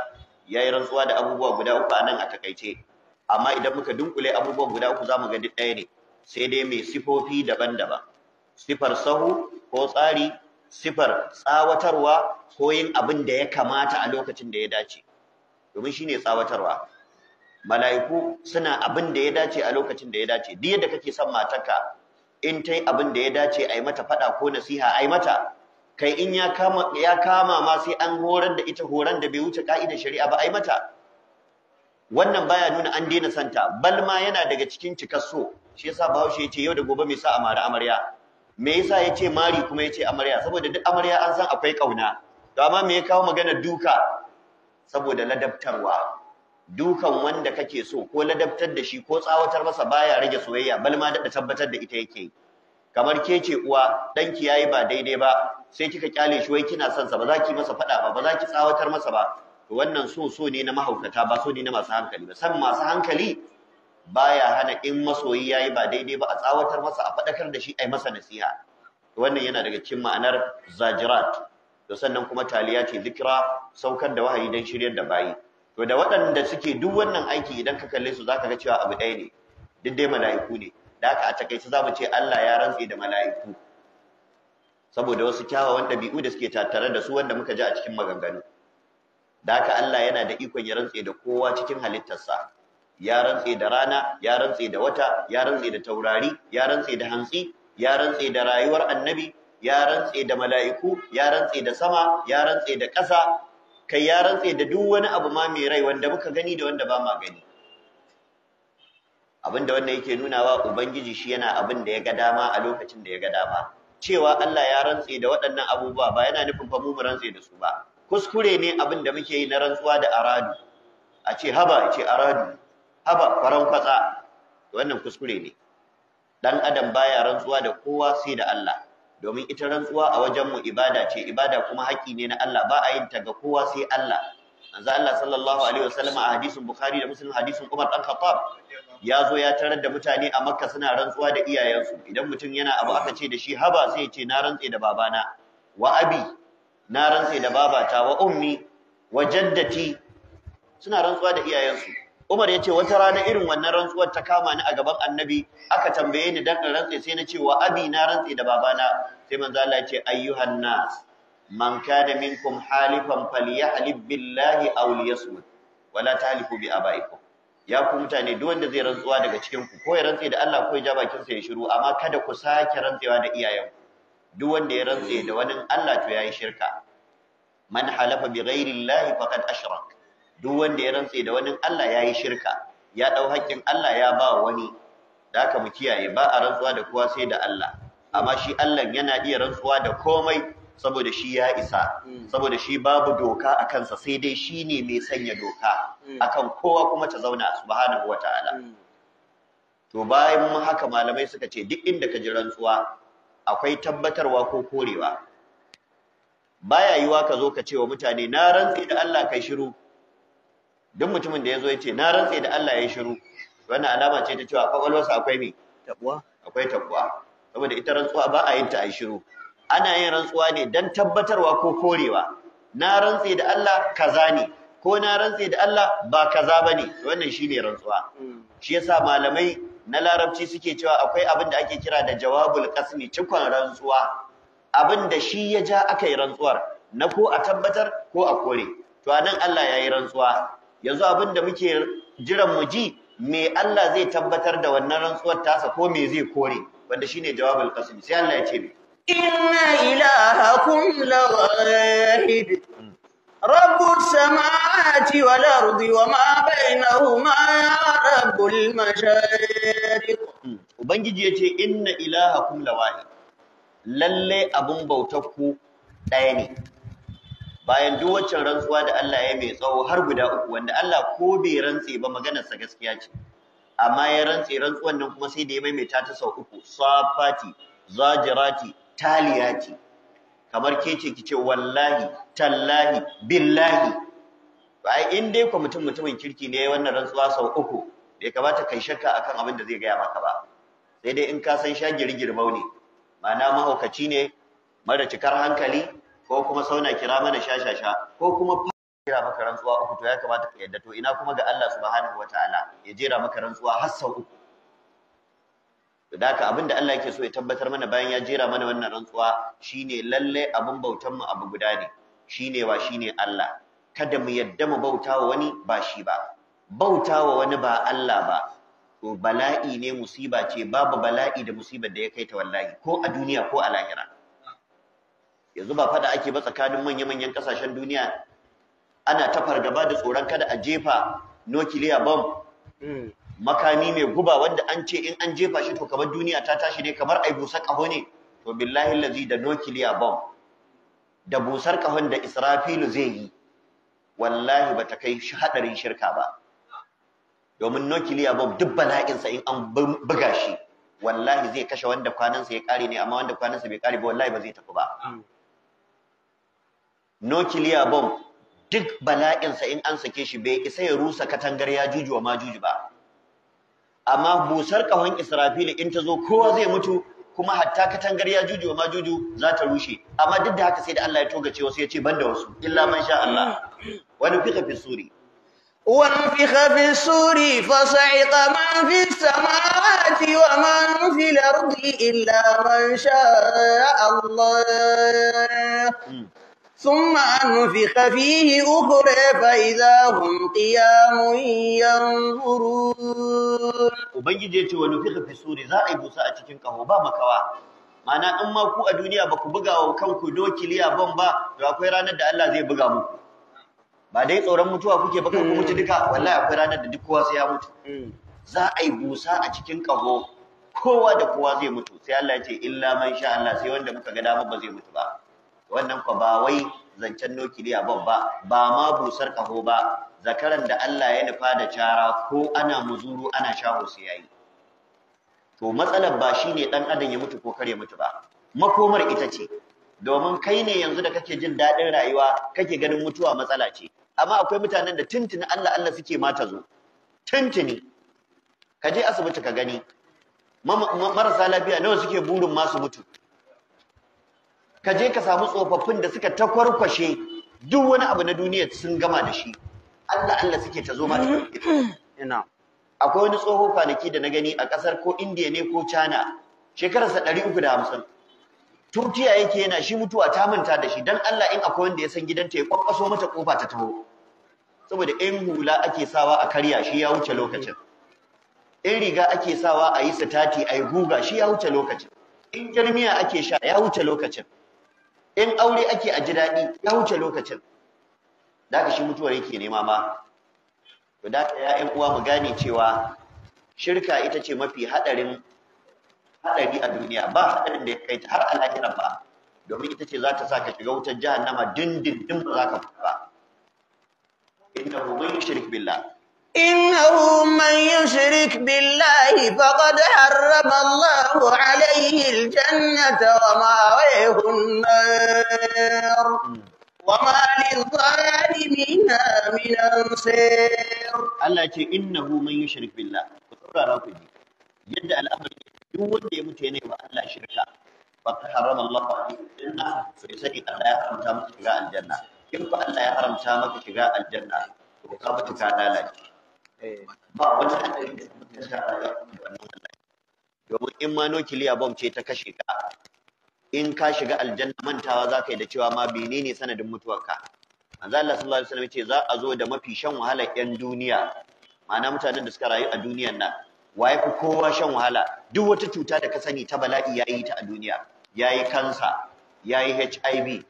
ya yi rantsuwa da abubuwa guda uku a nan a takaice amma idan muka dunkule abubuwa guda uku za mu ga duk ɗaya ne sai dai mai sifofi daban-daban sifar sahu ko tsari sifar tsawatarwa ko yin abin da ya kamata a lokacin da ya dace domin shine tsawatarwa mala'iku suna abin da ya dace a lokacin da ya dace duk yadda kake son matarka in tai abin da ya dace a yi mata faɗa ko nasiha a yi mata kai in ya kama ya kama ma sai an horar da ita horan da bai wuce ka'idar shari'a ba ai mata wannan baya nuna an daina santa Balma yana daga cikin cikasso shi yasa Bahaushe ya ce yau da gobe me sa amara amarya me yasa yace mari kuma ya ce amarya saboda duk amarya an san akwai kauna to amma me ya kawo magana duka saboda ladabtarwa dukan wanda kake so ko ladabtar da shi ko tsawatar masa baya rage soyayya bal ma da tabbatar da ita yake kamar ke ce uwa danki yayi ba daidai ba sai kika kyale shi wai kina son sa ba za ki masa fada ba ba za ki tsawatar masa ba wannan so so ne na mahaukata ba so ne na masu hankali ba san masu hankali baya hana in masoyi yayi ba daidai ba a tsawatar masa a fadakar da shi ai masa nasiha wannan yana daga cikin ma'anar zajirat to sannan kuma taliya ce zikira saukar da wahayi dan shiryar da bayi to da waɗanda suke duk wannan aiki idan ka kalle su zaka ga cewa abu ɗaya ne duk dai mala'iku ne da haka a takaice zamu ce Allah ya rantse da mala'iku saboda wasu kyawawan ɗabi'u da suke tattare da su wanda muka ji a cikin maganganu daka Allah yana da ikon ya rantse da kowa cikin halittarsa ya rantse da rana ya rantse da wata ya rantse da taurari ya rantse da hantsi ya rantse da rayuwar annabi ya rantse da mala'iku ya rantse da sama ya rantse da ƙasa kai ya rantse da duk wani abu ma mai rai wanda muka gani da wanda ba ma gani abinda wannan yake nunawa ubangiji shi yana abin da ya ga dama a lokacin da ya ga dama cewa Allah ya rantse da waɗannan abubuwa ba yana nufin fa mu mu rantse da su ba kuskure ne abin da muke yi na rantsuwa da aradu a ce haba ce aradu haba faran kwatsa wannan kuskure ne dan adam baya rantsuwa da kowa sai da Allah domin ita rantsuwa a wajen mu ibada ce ibada kuma haƙi ne na Allah ba a yin ta ga kowa sai Allah manzo Allah sallallahu alaihi wasallam a hadisin Bukhari da Muslim hadisin Umar dan Khattab ya zo ya tarar da mutane a Makka suna rantsuwa da iyayensu idan mutum yana abu aka ce da shi haba sai ya ce na rantse da babana wa abi na rantse da babata wa ummi wa jaddati suna rantsuwa da iyayensu Umar ya ce wata rana irin wannan rantsuwar ta kama ni a gaban annabi aka tambaye ni dan rantse sai na ce wa abi na rantse da babana sai manzo Allah yace ayyuhan nas man kana minkum halifan falyahlib billahi aw liyasmut wala tahlifu bi abaikum ya ku mutane duk wanda zai rantsuwa daga cikin ku ko ya rantse da Allah ko ya ja bakin sa ya shiru amma kada ku sake rantsewa da iyayenku duk wanda ya rantse da wani Allah to yayi shirka man halafa bi ghairi llahi faqad ashrak duk wanda ya rantse da wani Allah yayi shirka ya dau hakkin Allah ya ba wani da haka mu kiyaye ba a rantsuwa da kowa sai da Allah amma shi Allah yana iya rantsuwa da komai saboda shi ya isa saboda shi babu doka a kansa sai dai shi ne mai sanya doka akan kowa kuma ta zauna subhanahu wataala mm. to bayan haka malamai suka ce duk inda ka ji rantsuwa akwai tabbatarwa ko korewa baya yiwa ka zo ka ce wa mutane na rantsi da Allah kai shiru duk mutumin da yazo yace na rantsi da Allah yayi shiru wannan alama ce ta cewa kwakwalwarsa akwai me Tabuwa, akwai tabuwa saboda ita rantsuwa ba a yin ta ai shiru ana yin rantsuwa ne dan tabbatarwa ko korewa na rantsi da Allah kaza ne ko na rantsi da Allah ba kaza bane wannan shine rantsuwa hmm. shi yasa malamai na larabci suke cewa akwai abin da ake kira da jawabul qasmi cikon rantsuwa abin da shi ya ja aka yi rantsuwar na ko a tabbatar ko a kore to anan Allah ya yi rantsuwa yanzu abin da muke jiran mu ji me Allah zai tabbatar da wannan rantsuwar tasa ko me zai kore wanda shine jawabul qasmi sai Allah ya ce me inna ilahakum lawahid رب السماوات والأرض وما بينهما رب ubangiji ya ce inna ilahakum wahi, lalle abun bautar ku ɗaya ne bayan duk waccan rantsuwa da Allah ya mai tsawo har guda uku wanda Allah ko bai rantse ba maganarsa gaskiya ce amma ya rantse rantsuwan nan kuma sai da ya maimaita ta sau uku safati zajirati taliyati kamar ke ce ki ce wallahi tallahi billahi ai in dai ku mutum mutumin kirki ne wannan rantsuwa sau uku bai kamata kai shakka akan abin da zai gaya maka ba sai dai in ka san shagiri girmau ne ma'ana mahaukaci ne mara cikar hankali ko kuma sauna kira mana shashasha ko kuma jera maka rantsuwa uku to ya kamata ka yadda to ina kuma ga Allah subhanahu wataala ya jera maka rantsuwa har sau uku to da abinda Allah yake so ya tabbatar mana bayan ya jera mana wannan rantsuwa shine lalle abin bautan mu abu guda ne shine wa shine Allah kada mu yadda mu bautawa wani ba shi ba bautawa wani ba Allah ba to bala'i ne musiba ce babu bala'i da musibar da ya kai ta wallahi ko a duniya ko a lahira yanzu ba fada ake ba tsakanin manya-manyan kasashen duniya ana tafar gaba da tsoron kada a jefa nukiliya bomb makami mai guba wanda an ce in an jefa shi to kamar duniya ta tashi ne kamar ai busa kaho ne to billahi lazi da nukiliya bomb da busar kahon da israfilu zai yi wallahi ba ta kai hadarin shirka ba domin nukiliya bomb duk bala'insa in an buga shi wallahi zai kashe wanda kwanansa ya kare ne amma wanda kwanansa bai kare ba wallahi ba zai tafi ba nukiliya bomb duk bala'insa in an sake shi bai isa ya rusa katangar ya juju wa majuju ba amma busar kahon israfili in ta zo kowa zai mutu kuma hatta katangar ya juju wa majuju za ta rushe amma duk da haka sai da Allah ya togace wasu ya ce banda wasu illa man sha Allah mm. wani fiqa fi suri ونفخ في السور فصعق من في السماوات ومن في الأرض إلا من شاء الله ثم أنفخ فيه أخرى فإذا هم قيام ينظرون Ubangiji ya ce wa suri za a yi busa a cikin ƙaho ba makawa ma'ana in ma ku a duniya ba ku buga wa kanku dokiliya ban ba to akwai ranar da Allah zai buga muku ba dai tsoron mutuwa kuke ba ku mutu mm. duka wallahi akwai ranar da duk kowa sai ya mutu mm. za a yi busa a cikin kaho kowa da kowa zai mutu sai Allah ya ce illa man sha Allah sai wanda muka ga dama ba zai mutu ba wannan kwa ba wai zancen nukiliya babba ba ma busar kaho ba zakaran da Allah ya nufa da cara ko ana muzuru ana shaho sai yayi to matsalar ba shine dan adam ya mutu ko kare mutu ba makomar ita ce domin kai ne yanzu da kake jin daɗin rayuwa kake ganin mutuwa matsala ce amma akwai mutanen da tuntuni Allah Allah suke ma zo tuntuni ka je asibiti ka gani marasa lafiya nawa suke burin ma su mutu ka je ka samu tsofaffin da suka takwarkwashe duk wani abu na duniya sun gama da shi Allah Allah suke ta zo ma ina akwai wani tsoho kwanaki da na gani a kasar ko India ne ko China shekararsa 350 tutiya yake yana shi mutuwa ta manta da shi don Allah in akwai wanda ya san gidanta ya kwakwaso mata kofa ta taho saboda in hula ake sawa a karya shi ya wuce lokacin in riga ake sawa a yi sitati a yi guga shi ya wuce lokacin in jarmiya ake sha ya wuce lokacin in aure ake a ji daɗi ya wuce lokacin da ka shi mutuwar yake nema ma to da ka ya'yan uwa mu gane cewa shirka ita ce mafi haɗarin haɗari a duniya ba haɗarin da ya kai ta har a lahiran ba domin ita ce za ta sa ka shiga wutar jihar jahannama dindindin ba za ka fita ba innahu man yushrik billah إنه من يشرك بالله فقد حرم الله عليه الجنة وماويه النار وما للظالمين من أنصير الله يقول إنه من يشرك بالله كثيرا رافضي يد الأمر يود يمتيني وألا شركا فقد حرم الله عليه الجنة فيسجد الله حرمتها مسجد الجنة in ba Allah ya haramta maka shiga aljanna to ka mutu ka lalace eh. ba wani hanyar domin in ma nukiliya bomb ce ta kashe ka in ka shiga aljanna mantawa za ka yi da cewa ma bene ne sanadin mutuwarka manzo Allah sallallahu alaihi wasallam ce za a zo da mafi shan wahala yan duniya ma'ana mutanen da suka rayu a duniyar nan waye ku kowa shan wahala duk wata cuta da ka sani ta bala'i yayi ta a duniya yayi kansa yayi HIV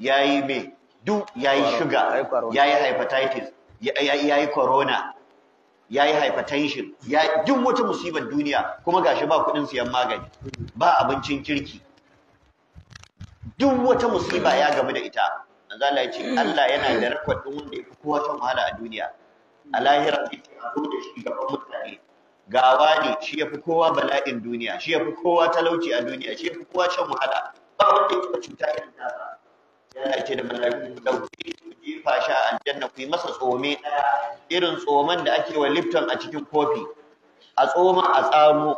yayi me duk yayi sugar yayi hepatitis yayi corona yayi hypertension ya duk wata musibar duniya kuma gashi ba kudin siyan magani ba abincin kirki duk wata musiba ya gamu da ita manzo Allah ce Allah yana da rakwadin wanda yafi kowa shan wahala a duniya a lahira ne a da shi gaban mutane gawa ne shi yafi kowa bala'in duniya shi yafi kowa talauci a duniya shi yafi kowa shan wahala ba wanda yake cuta irin nasa ya ce da mala'iku ku ku jefa shi a aljanna ku yi masa tsome ɗaya irin tsoman da ake wa lifton a cikin kofi a tsoma a tsamo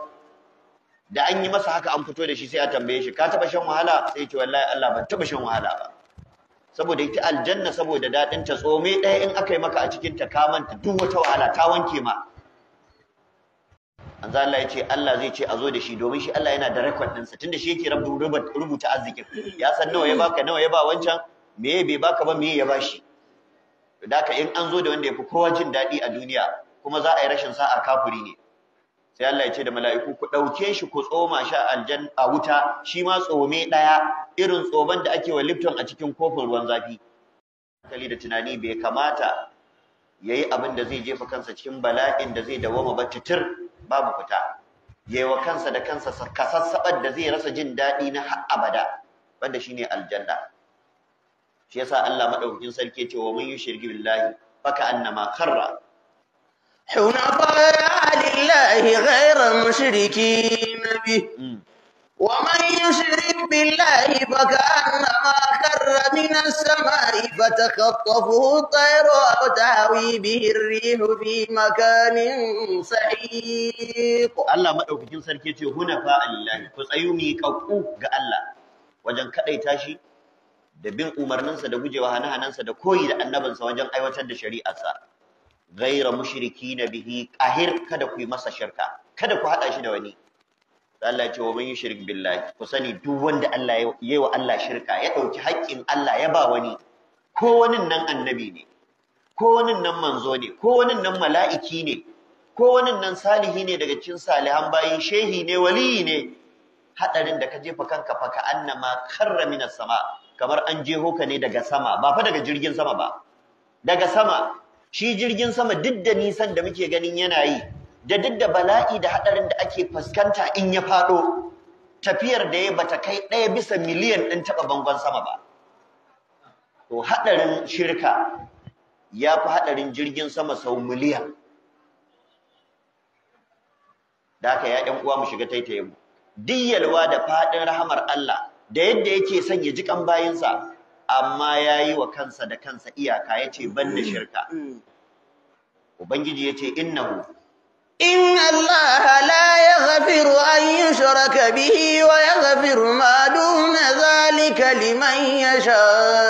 da an yi masa haka an fito da shi sai a tambaye shi ka taba shan wahala sai ya ce wallahi Allah ban taba shan wahala ba saboda ita aljanna saboda daɗin ta tsome ɗaya in aka yi maka a cikin ta ka manta duk wata wahala ta wanke ma manzo Allah ya ce Allah zai ce a zo da shi domin shi Allah yana da record ɗinsa tunda shi yake rubuta arzikin ya san nawa ya baka nawa ya ba wancan meye bai baka ba meye ya bashi to da in an zo da wanda yafi kowa jin daɗi a duniya kuma za a yi rashin sa'a kafuri ne sai Allah ya ce da mala'iku ku ɗauke shi ku tsoma shi aljan a wuta shi ma tsome ɗaya irin tsoban da ake wa Lipton a cikin kofin ruwan zafi hankali da tunani bai kamata yayi abin da zai jefa kansa cikin bala'in da zai dawoma ba titir babu fita wa kansa da kansa kasassabar da zai rasa jin daɗi na har abada wanda shine aljanna shi yasa Allah madaukakin sarki ce wa man yushirki billahi faka annama kharra hunafa lillahi ghayra mushrikin bi ومن يشرك بالله فكأنما خر من السماء فتخطفه الطير أو تهوي به الريح في مكان سحيق الله ما دوكين sarki yace huna fa Allah ku tsayu mi kakku ga Allah wajen kadaita shi da bin umarninsa da gujewa hanahanansa da koyi da annabinsa wajen aiwatar da shari'arsa ghaira na bihi "Kahir, kada ku yi masa shirka kada ku haɗa shi da wani Allah ce wa man yushrik billahi ku sani duk wanda Allah yayi wa Allah shirka ya dauki haƙƙin Allah ya ba wani ko wani nan annabi ne ko wani nan manzo ne ko wani nan mala'iki ne ko wani nan salihi ne daga cikin salihan bayin shehi ne wali ne hadarin da ka jefa kanka fa ka annama karra minas sama kamar an jeho ka ne daga sama ba fa daga jirgin sama ba daga sama shi jirgin sama duk da nisan da muke ganin yana yi da duk da bala'i da hadarin da ake fuskanta in ya fado tafiyar da ya bata kai ɗaya bisa miliyan din taba bangon sama ba to hadarin shirka ya fi hadarin jirgin sama sau miliyan da ya ɗan uwa mu shiga taitaye mu duk yalwa da faɗin rahamar Allah da yadda yake son ya ji kan bayinsa amma ya yi wa kansa da kansa iyaka ya ce ban da shirka mm. ubangiji ya ce innahu إن الله لا يغفر أن يشرك به ويغفر ما دون ذلك لمن يشاء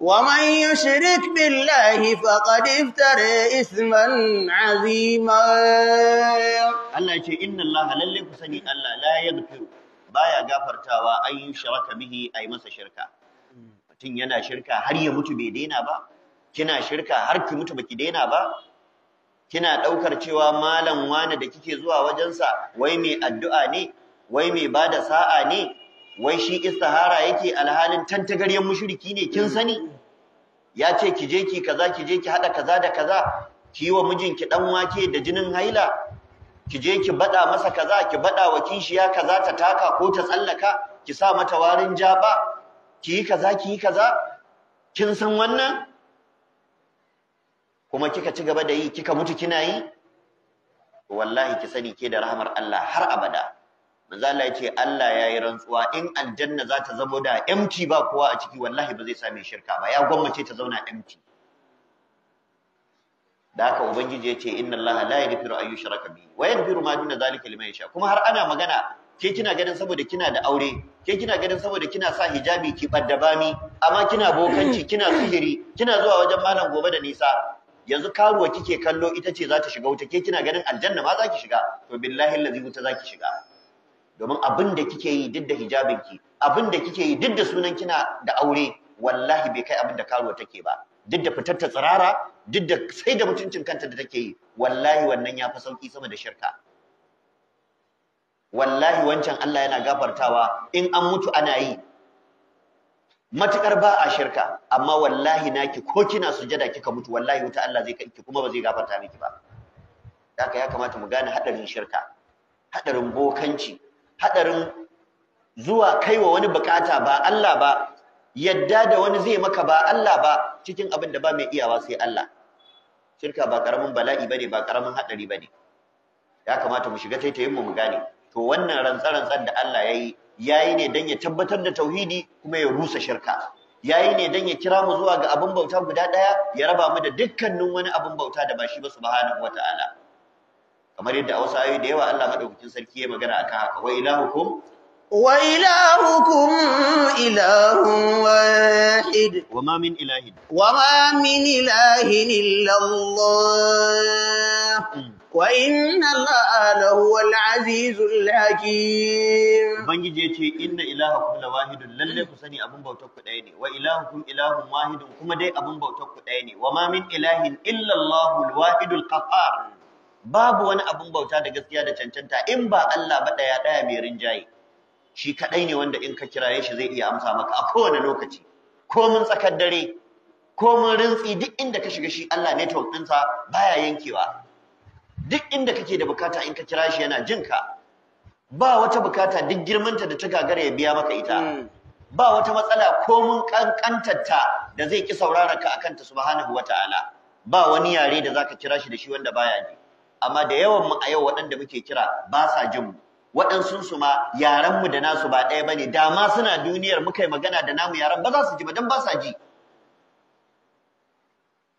ومن يشرك بالله فقد افترى إثما عظيما الله يقول إن الله للي كسني الله لا يغفر baya gafartawa an yi sharaka bihi a yi masa shirka mutum yana shirka har ya mutu bai daina ba kina shirka har ki mutu baki daina ba kina ɗaukar cewa malam wani da kike zuwa wajensa wai mai addu'a ne wai mai bada sa'a ne wai shi istihara yake alhalin tantagaryen mushriki ne kin sani ya ce ki je ki kaza ki je ki hada kaza da kaza ki yi wa mijinki dan wake da jinin haila ki je ki baɗa masa kaza ki baɗa wa kishiya kaza ta taka ko ta tsallaka ki sa mata warin jaba ki yi kaza ki yi kaza kin san wannan kuma kika ci gaba da yi kika mutu kina yi wallahi ki sani ke da rahmar Allah har abada manzo Allah Allah ya yi rantsuwa in aljanna za ta zama da empty ba kowa a ciki wallahi ba zai same shirka ba ya gwammace ta zauna empty da haka ubangiji ya inna Allah la yaghfiru an yushraka bihi wa yaghfiru ma duna zalika liman yasha kuma har ana magana ke kina ganin saboda kina da aure ke kina ganin saboda kina sa hijabi ki baddabami amma kina bokanci kina sihiri kina zuwa wajen malam gobe da nisa yanzu karuwa kike kallo ita ce za ta shiga wuta ke kina ganin aljanna ma za ki shiga to billahi allazi wuta za ki shiga domin abin da kike yi duk da hijabinki abin da kike yi duk da sunan kina da aure wallahi bai kai abin da karuwa take ba duk da fitar ta tsirara duk da sai da mutuncin kanta da take yi wallahi wannan ya fi sauki sama da shirka wallahi wancan Allah yana gafartawa in an mutu ana yi matukar ba a shirka amma wallahi naki ko kina sujada kika mutu wallahi wuta Allah zai kai kuma ba zai gafarta miki ba haka ya kamata mu gane hadarin shirka hadarin bokanci hadarin zuwa kaiwa wani bukata ba Allah ba yadda da wani zai maka ba Allah ba cikin abin da ba mai iyawa sai Allah shirka ba karamin bala'i bane ba karamin hadari bane ya kamata mu shiga taitayin mu mu gane to wannan rantsar rantsar da Allah ya yi yayi ne dan ya tabbatar da tauhidi kuma ya rusa shirka yayi ne dan ya kira mu zuwa ga abin bauta guda daya ya raba mu da dukkanin wani abin bauta da ba shi ba subhanahu wataala kamar yadda Hausa ayi da yawa Allah madaukakin sarki ya magana akan haka wa ilahukum wa ilahukum ilahun wahid wa ma min ilahin wa ma min ilahin illa mm. وإن الله لهو العزيز الحكيم ubangiji yace inna ilahakum la wahidun lalle ku sani abun bautar ne wa ilahukum ilahun wahidun kuma dai abun bautar ku ne wa ma min ilahin illa Allahu al-wahidul babu wani abun bauta da gaskiya da cancanta in ba Allah ba ɗaya ɗaya mai rinjaye shi kadai ne wanda in ka kiraye shi zai iya amsa maka a kowane lokaci ko mun tsakar dare ko mun rintsi duk inda ka shiga shi Allah network ɗinsa baya yankewa duk inda kake da bukata in ka kira shi yana jin ka ba wata bukata duk girmanta da ta gagara ya biya maka ita hmm. ba wata matsala ko mun kankantarta da zai ki saurara ka akan ta subhanahu wataala ba wani yare da zaka kira shi da shi wanda baya ji amma da yawan mu a yau waɗanda muke kira ba sa jin mu waɗansu su ma yaran mu da nasu ba ɗaya bane da ma suna duniyar muka yi magana da namu yaran ba za su ji ba dan ba sa ji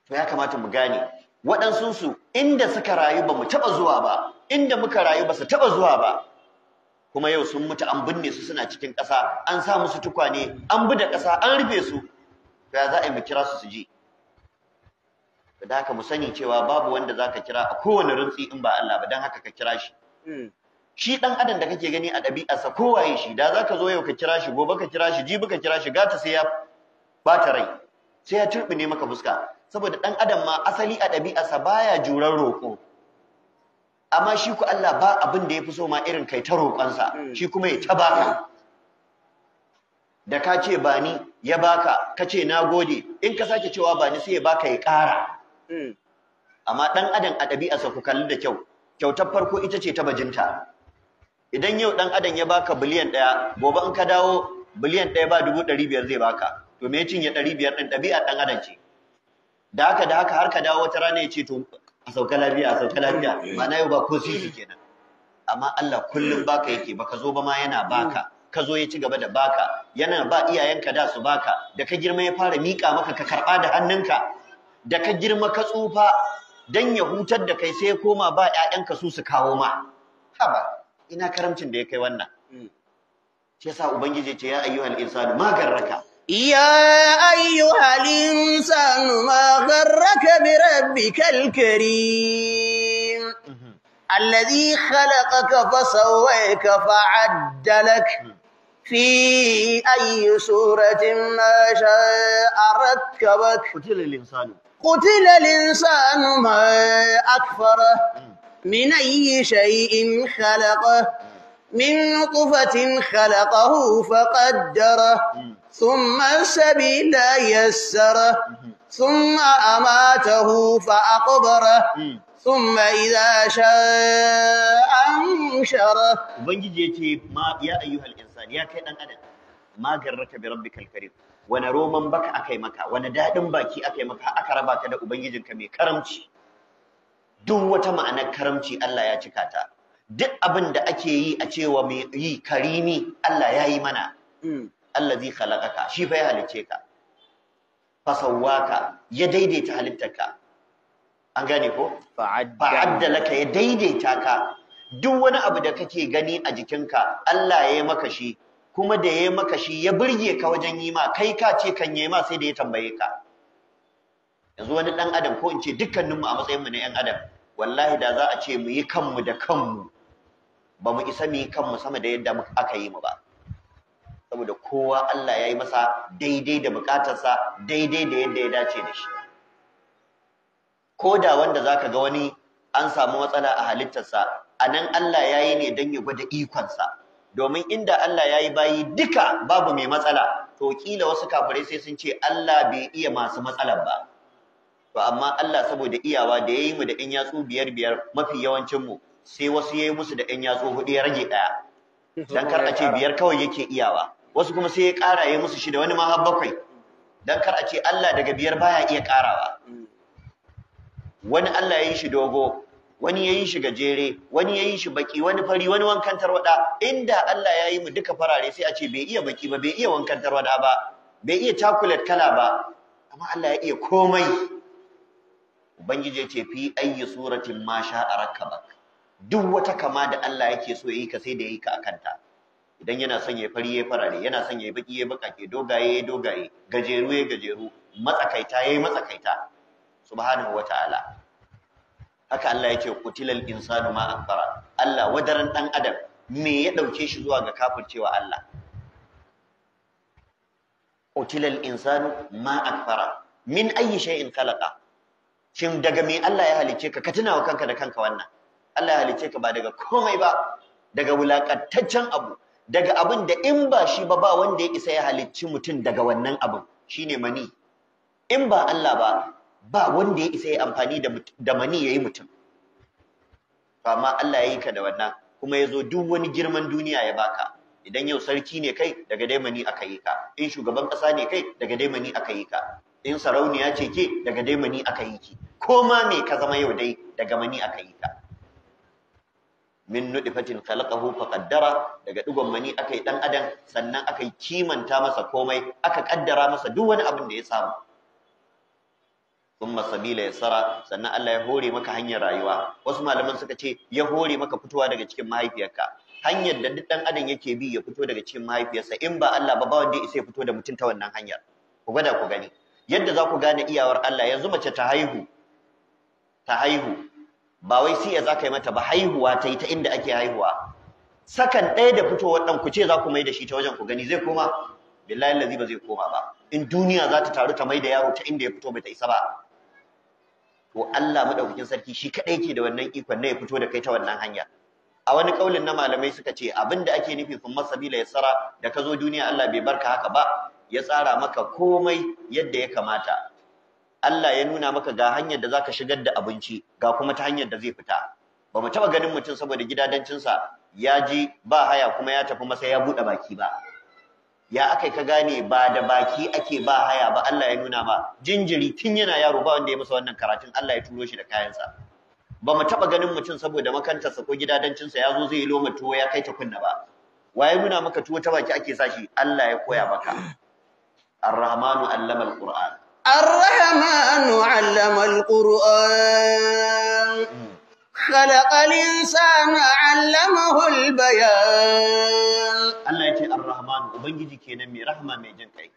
to ya kamata mu gane waɗansu su inda suka rayu ba mu taɓa zuwa ba inda muka rayu ba su taɓa zuwa ba kuma yau sun mutu an binne su suna cikin ƙasa an sa musu tukwane an bi da ƙasa an rufe su to ya za a yi mu kira su su ji da haka mu sani cewa babu wanda za ka kira a kowane rintsi in ba Allah ba don haka ka kira shi hmm. shi ɗan adam da kake gani a ɗabi'arsa kowaye shi da za ka zo yau ka kira shi gobe ka kira shi jibi ka kira shi gata sai ya ɓata rai sai ya turɓine maka fuska saboda dan adam ma asali a dabi'arsa baya juran roƙo amma shi ku Allah ba abin da ya fi so ma irin kai ta roƙonsa shi kuma ya ta baka da ka ce ba ni ya baka ka ce na gode in ka sake cewa ba ni sai ya baka ya ƙara amma dan adam a dabi'arsa ku kalli da kyau kyautar farko ita ce ta bajinta idan yau dan adam ya baka biliyan ɗaya gobe in ka dawo biliyan ɗaya ba dubu ɗari biyar zai baka to me ya cinye ɗari biyar ɗin ɗabi'ar ɗan adam ce da haka da haka har ka dawo wata rana ya ce to a sauka lafiya a sauka lafiya ma'ana yau ba ko sisi kenan amma Allah kullum baka yake baka zo ba ma yana baka ka zo ya ci gaba da baka yana ba iyayenka da su baka da ka girma ya fara mika maka ka karba da hannunka da ka girma ka tsufa dan ya hutar da kai sai ya koma ba ƴaƴanka su su kawo ma haba ina karamcin da ya kai wannan hmm. shi yasa ubangiji ya ce ya ayyuhal insanu ma garraka يا أيها الإنسان ما غرك بربك الكريم الذي خلقك فسويك فعدلك في أي سورة ما شاء ركبك قتل الإنسان قتل الإنسان ما أكفره من أي شيء خلقه من نطفة خلقه فقدره ثم السبيل يسره ثم أماته فأقبره ثم إذا شاء أنشره وبنجي يتي ما يا أيها الإنسان يا كي أن أدن ما غرك بربك الكريم wani roman baka aka wani daɗin baki aka maka aka raba ka ubangijinka mai karamci duk wata ma'anar karamci Allah ya cikata, duk abin da ake yi a cewa mai yi karimi Allah ya yi mana allazi khalaqaka shi fa ya halice ka fasawwaka ya daidaita halittarka an gane ko adda laka ya daidaita ka duk wani abu da kake gani a jikinka Allah ya yi maka shi kuma da ya yi maka shi ya burge ka wajen yi ma kai ka ce kan yi ma sai da ya tambaye ka yanzu wani dan adam ko in ce dukkaninmu a matsayinmu na yan adam wallahi da za a ce mu yi kanmu da kanmu ba mu isa mu yi kanmu sama da yadda aka yi mu ba saboda kowa Allah ya yi masa daidai da bukatarsa daidai da yadda ya dace da shi ko da wanda zaka ga wani an samu matsala a halittarsa a nan Allah ya yi ne don ya gwada ikonsa domin inda Allah ya yi bayi duka babu mai matsala to kila wasu kafirai sai sun ce Allah bai iya masu matsalar ba to amma Allah saboda iyawa da ya yi mu da 'yan yatsu biyar biyar mafi yawancinmu sai wasu ya yi musu da 'yan yatsu hudu ya rage ɗaya dan kar a ce biyar kawai yake iyawa wasu kuma sai ya ƙara ya musu shida wani maha bakwai dan kar a ce Allah daga biyar baya iya ƙarawa wani Allah ya yi shi dogo wani ya yi shi gajere wani ya yi shi baki wani fari wani wankantar wada. inda Allah ya yi mu duka farare sai a ce bai iya baki ba bai iya wankantar wada ba bai iya chocolate kala ba amma Allah ya iya komai ubangiji ya ce fi ayyi suratin ma rakka ba duk wata kama da Allah yake so ya yi ka sai da yi ka akanta idan yana son ya fari ya fara ne, yana son ya baki ya ke dogaye ya dogaye gajeru ya gajeru matsakaita ya matsakaita subhanahu wa ta'ala haka Allah yake kutilal insanu ma akbara Allah wadaran dan adam me ya dauke shi zuwa ga kafircewa Allah kutilal insanu ma akbara min ayyi shay'in khalaqa shin daga me Allah ya halice ka ka tunawa kanka da kanka wannan Allah ya halice ka ba daga komai ba daga wulakantaccen abu daga abin da in ba shi ba ba wanda ya isa ya halicci mutum daga wannan abin shine mani in ba Allah ba ba wanda ya isa ya amfani da Mani ya yi mutum to amma Allah ya yi ka da wannan kuma ya zo duk wani girman duniya ya baka idan yau sarki ne kai daga dai mani aka yi ka in shugaban ƙasa ne kai daga dai mani aka yi ka in sarauniya ce ke daga dai mani aka yi ki ko ma me ka zama yau dai daga mani aka yi ka min kala khalaqahu faqaddara daga digon mani akai dan adam sannan akai kimanta masa komai aka kaddara masa duk wani abin da ya samu kuma sabila yasara sannan Allah ya hore maka hanyar rayuwa wasu malaman suka ce ya hore maka fitowa daga cikin mahaifiyarka hanyar da duk dan adam yake bi ya fito daga cikin mahaifiyarsa in ba Allah ba ba wanda ya fito da mutum ta wannan hanyar ku gada ku gani yadda za ku gane iyawar Allah yanzu mace ta haihu ta haihu ba wai siya za ka yi mata ba haihuwa ta yi ta inda ake haihuwa sakan ɗaya da fitowar ɗan ku ce za ku mai da shi ta wajen ku gani zai koma billahi lazi ba zai koma ba in duniya za ta taru ta mai da yaro ta inda ya fito bai ta isa ba to Allah madaukakin sarki shi kadai yake da wannan ikon ne ya fito da kai ta wannan hanya a wani kaulin na malamai suka ce abin da ake nufi kun masabila ya sara da ka zo duniya Allah bai barka haka ba ya tsara maka komai yadda ya kamata Allah ya nuna maka ga hanyar da zaka shigar da abinci ga kuma ta hanyar da zai fita ba mu taba ganin mutum saboda sa ya ji ba haya kuma ya tafi masa ya bude baki ba ya akai ka gane ba da baki ake ba haya ba Allah ya nuna ma jinjiri tun yana yaro ba wanda ya masa wannan karatun Allah ya turo shi da kayansa ba mu taba ganin mutum saboda sa ko gidadancin ya zo zai yi loma tuwo ya kai ta kunna ba waye nuna maka tuwo ta baki ake sa shi Allah ya koya maka Ar-Rahmanu allama al-Qur'an الرحمن علم القرآن خلق الإنسان علمه البيان الله يتي الرحمن وبنجي كينا مي رحمة مي جنكي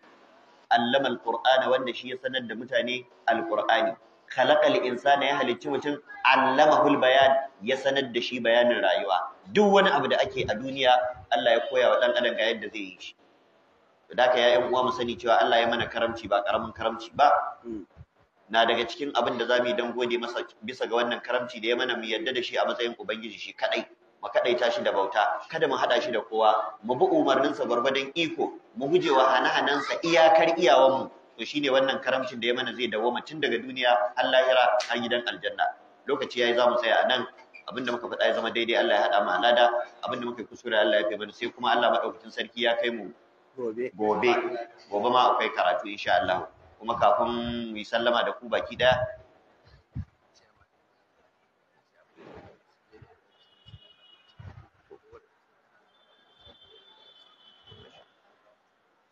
علم القرآن وان شيء سند متاني القرآن khalaqal insana ya halicci mutum allamahul bayan ya sanar da shi bayanin rayuwa duk wani abu da ake a duniya Allah ya koya wa dan adam ga yadda zai yi shi da ya ya uwa mu sani cewa Allah ya mana karamci ba karamin karamci ba mm. na daga cikin abin da zamu yi dan gode masa bisa ga wannan karamci da ya mana mu yadda da shi a matsayin ubangiji shi kadai mu kadaita shi da bauta kada mu hada shi da kowa mu bi umarnin sa barbadan iko mu gujewa hana-hanan sa iyakar iyawan mu to shine wannan karamcin da ya mana zai dawo tun daga duniya har lahira har gidan aljanna lokaci yayi zamu tsaya a nan abinda muka faɗa ya zama daidai Allah ya haɗa mu alada abinda muka yi kusura Allah ya fi mana sai kuma Allah madaukakin sarki ya kai mu gobe gobe ma akwai karatu insha Allah kuma kafin mu sallama da ku baki da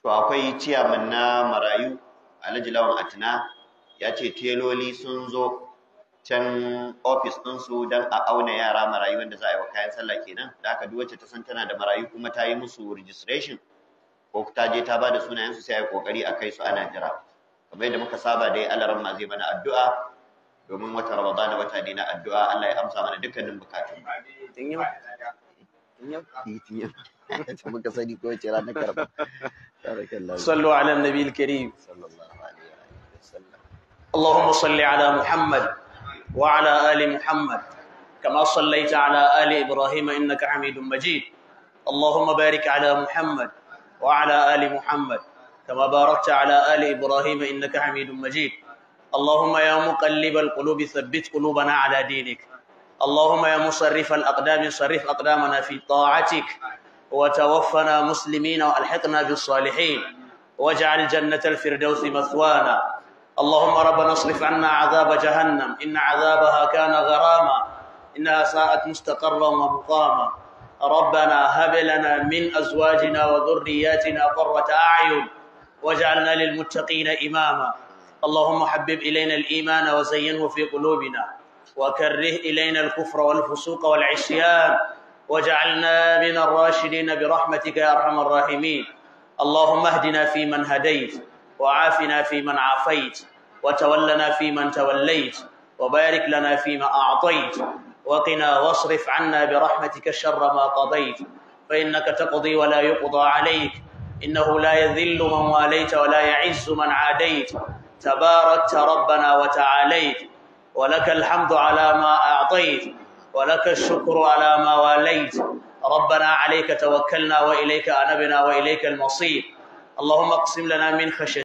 to akwai ciyaman na marayu Alhaji Lawan Atina ya ce teloli sun zo can ofis su don a auna yara marayu wanda za a yi wa kayan sallah kenan da haka duwace ta san tana da marayu kuma ta yi musu registration ko ta je ta bada sunayensu sai ai kokari a kai su ana jira kamar yadda muka saba dai Allah rahma zai mana addu'a domin wata Ramadan wata dina addu'a Allah ya amsa mana dukkanin bukatun mu muka sani ko ce ranar karba sallu ala nabiyil karim sallallahu alaihi wa sallam اللهم صل على محمد وعلى ال محمد كما صليت على ال ابراهيم انك حميد مجيد اللهم بارك على محمد وعلى آل محمد كما باركت على آل إبراهيم إنك حميد مجيد اللهم يا مقلب القلوب ثبت قلوبنا على دينك اللهم يا مصرف الأقدام صرف أقدامنا في طاعتك وتوفنا مسلمين وألحقنا بالصالحين واجعل جنة الفردوس مثوانا اللهم ربنا اصرف عنا عذاب جهنم إن عذابها كان غراما إنها ساءت مستقرا ومقاما ربنا هب لنا من أزواجنا وذرياتنا قرة أعين واجعلنا للمتقين إماما اللهم حبب إلينا الإيمان وزينه في قلوبنا وكره إلينا الكفر والفسوق والعصيان واجعلنا من الراشدين برحمتك يا أرحم الراحمين اللهم اهدنا فيمن هديت وعافنا فيمن عافيت وتولنا فيمن توليت وبارك لنا فيما أعطيت وقنا واصرف عنا برحمتك شر ما قضيت فإنك تقضي ولا يقضى عليك إنه لا يذل من واليت ولا يعز من عاديت تباركت ربنا وتعاليت ولك الحمد على ما أعطيت ولك الشكر على ما واليت ربنا عليك توكلنا وإليك أنبنا وإليك المصير اللهم اقسم لنا من خشيتك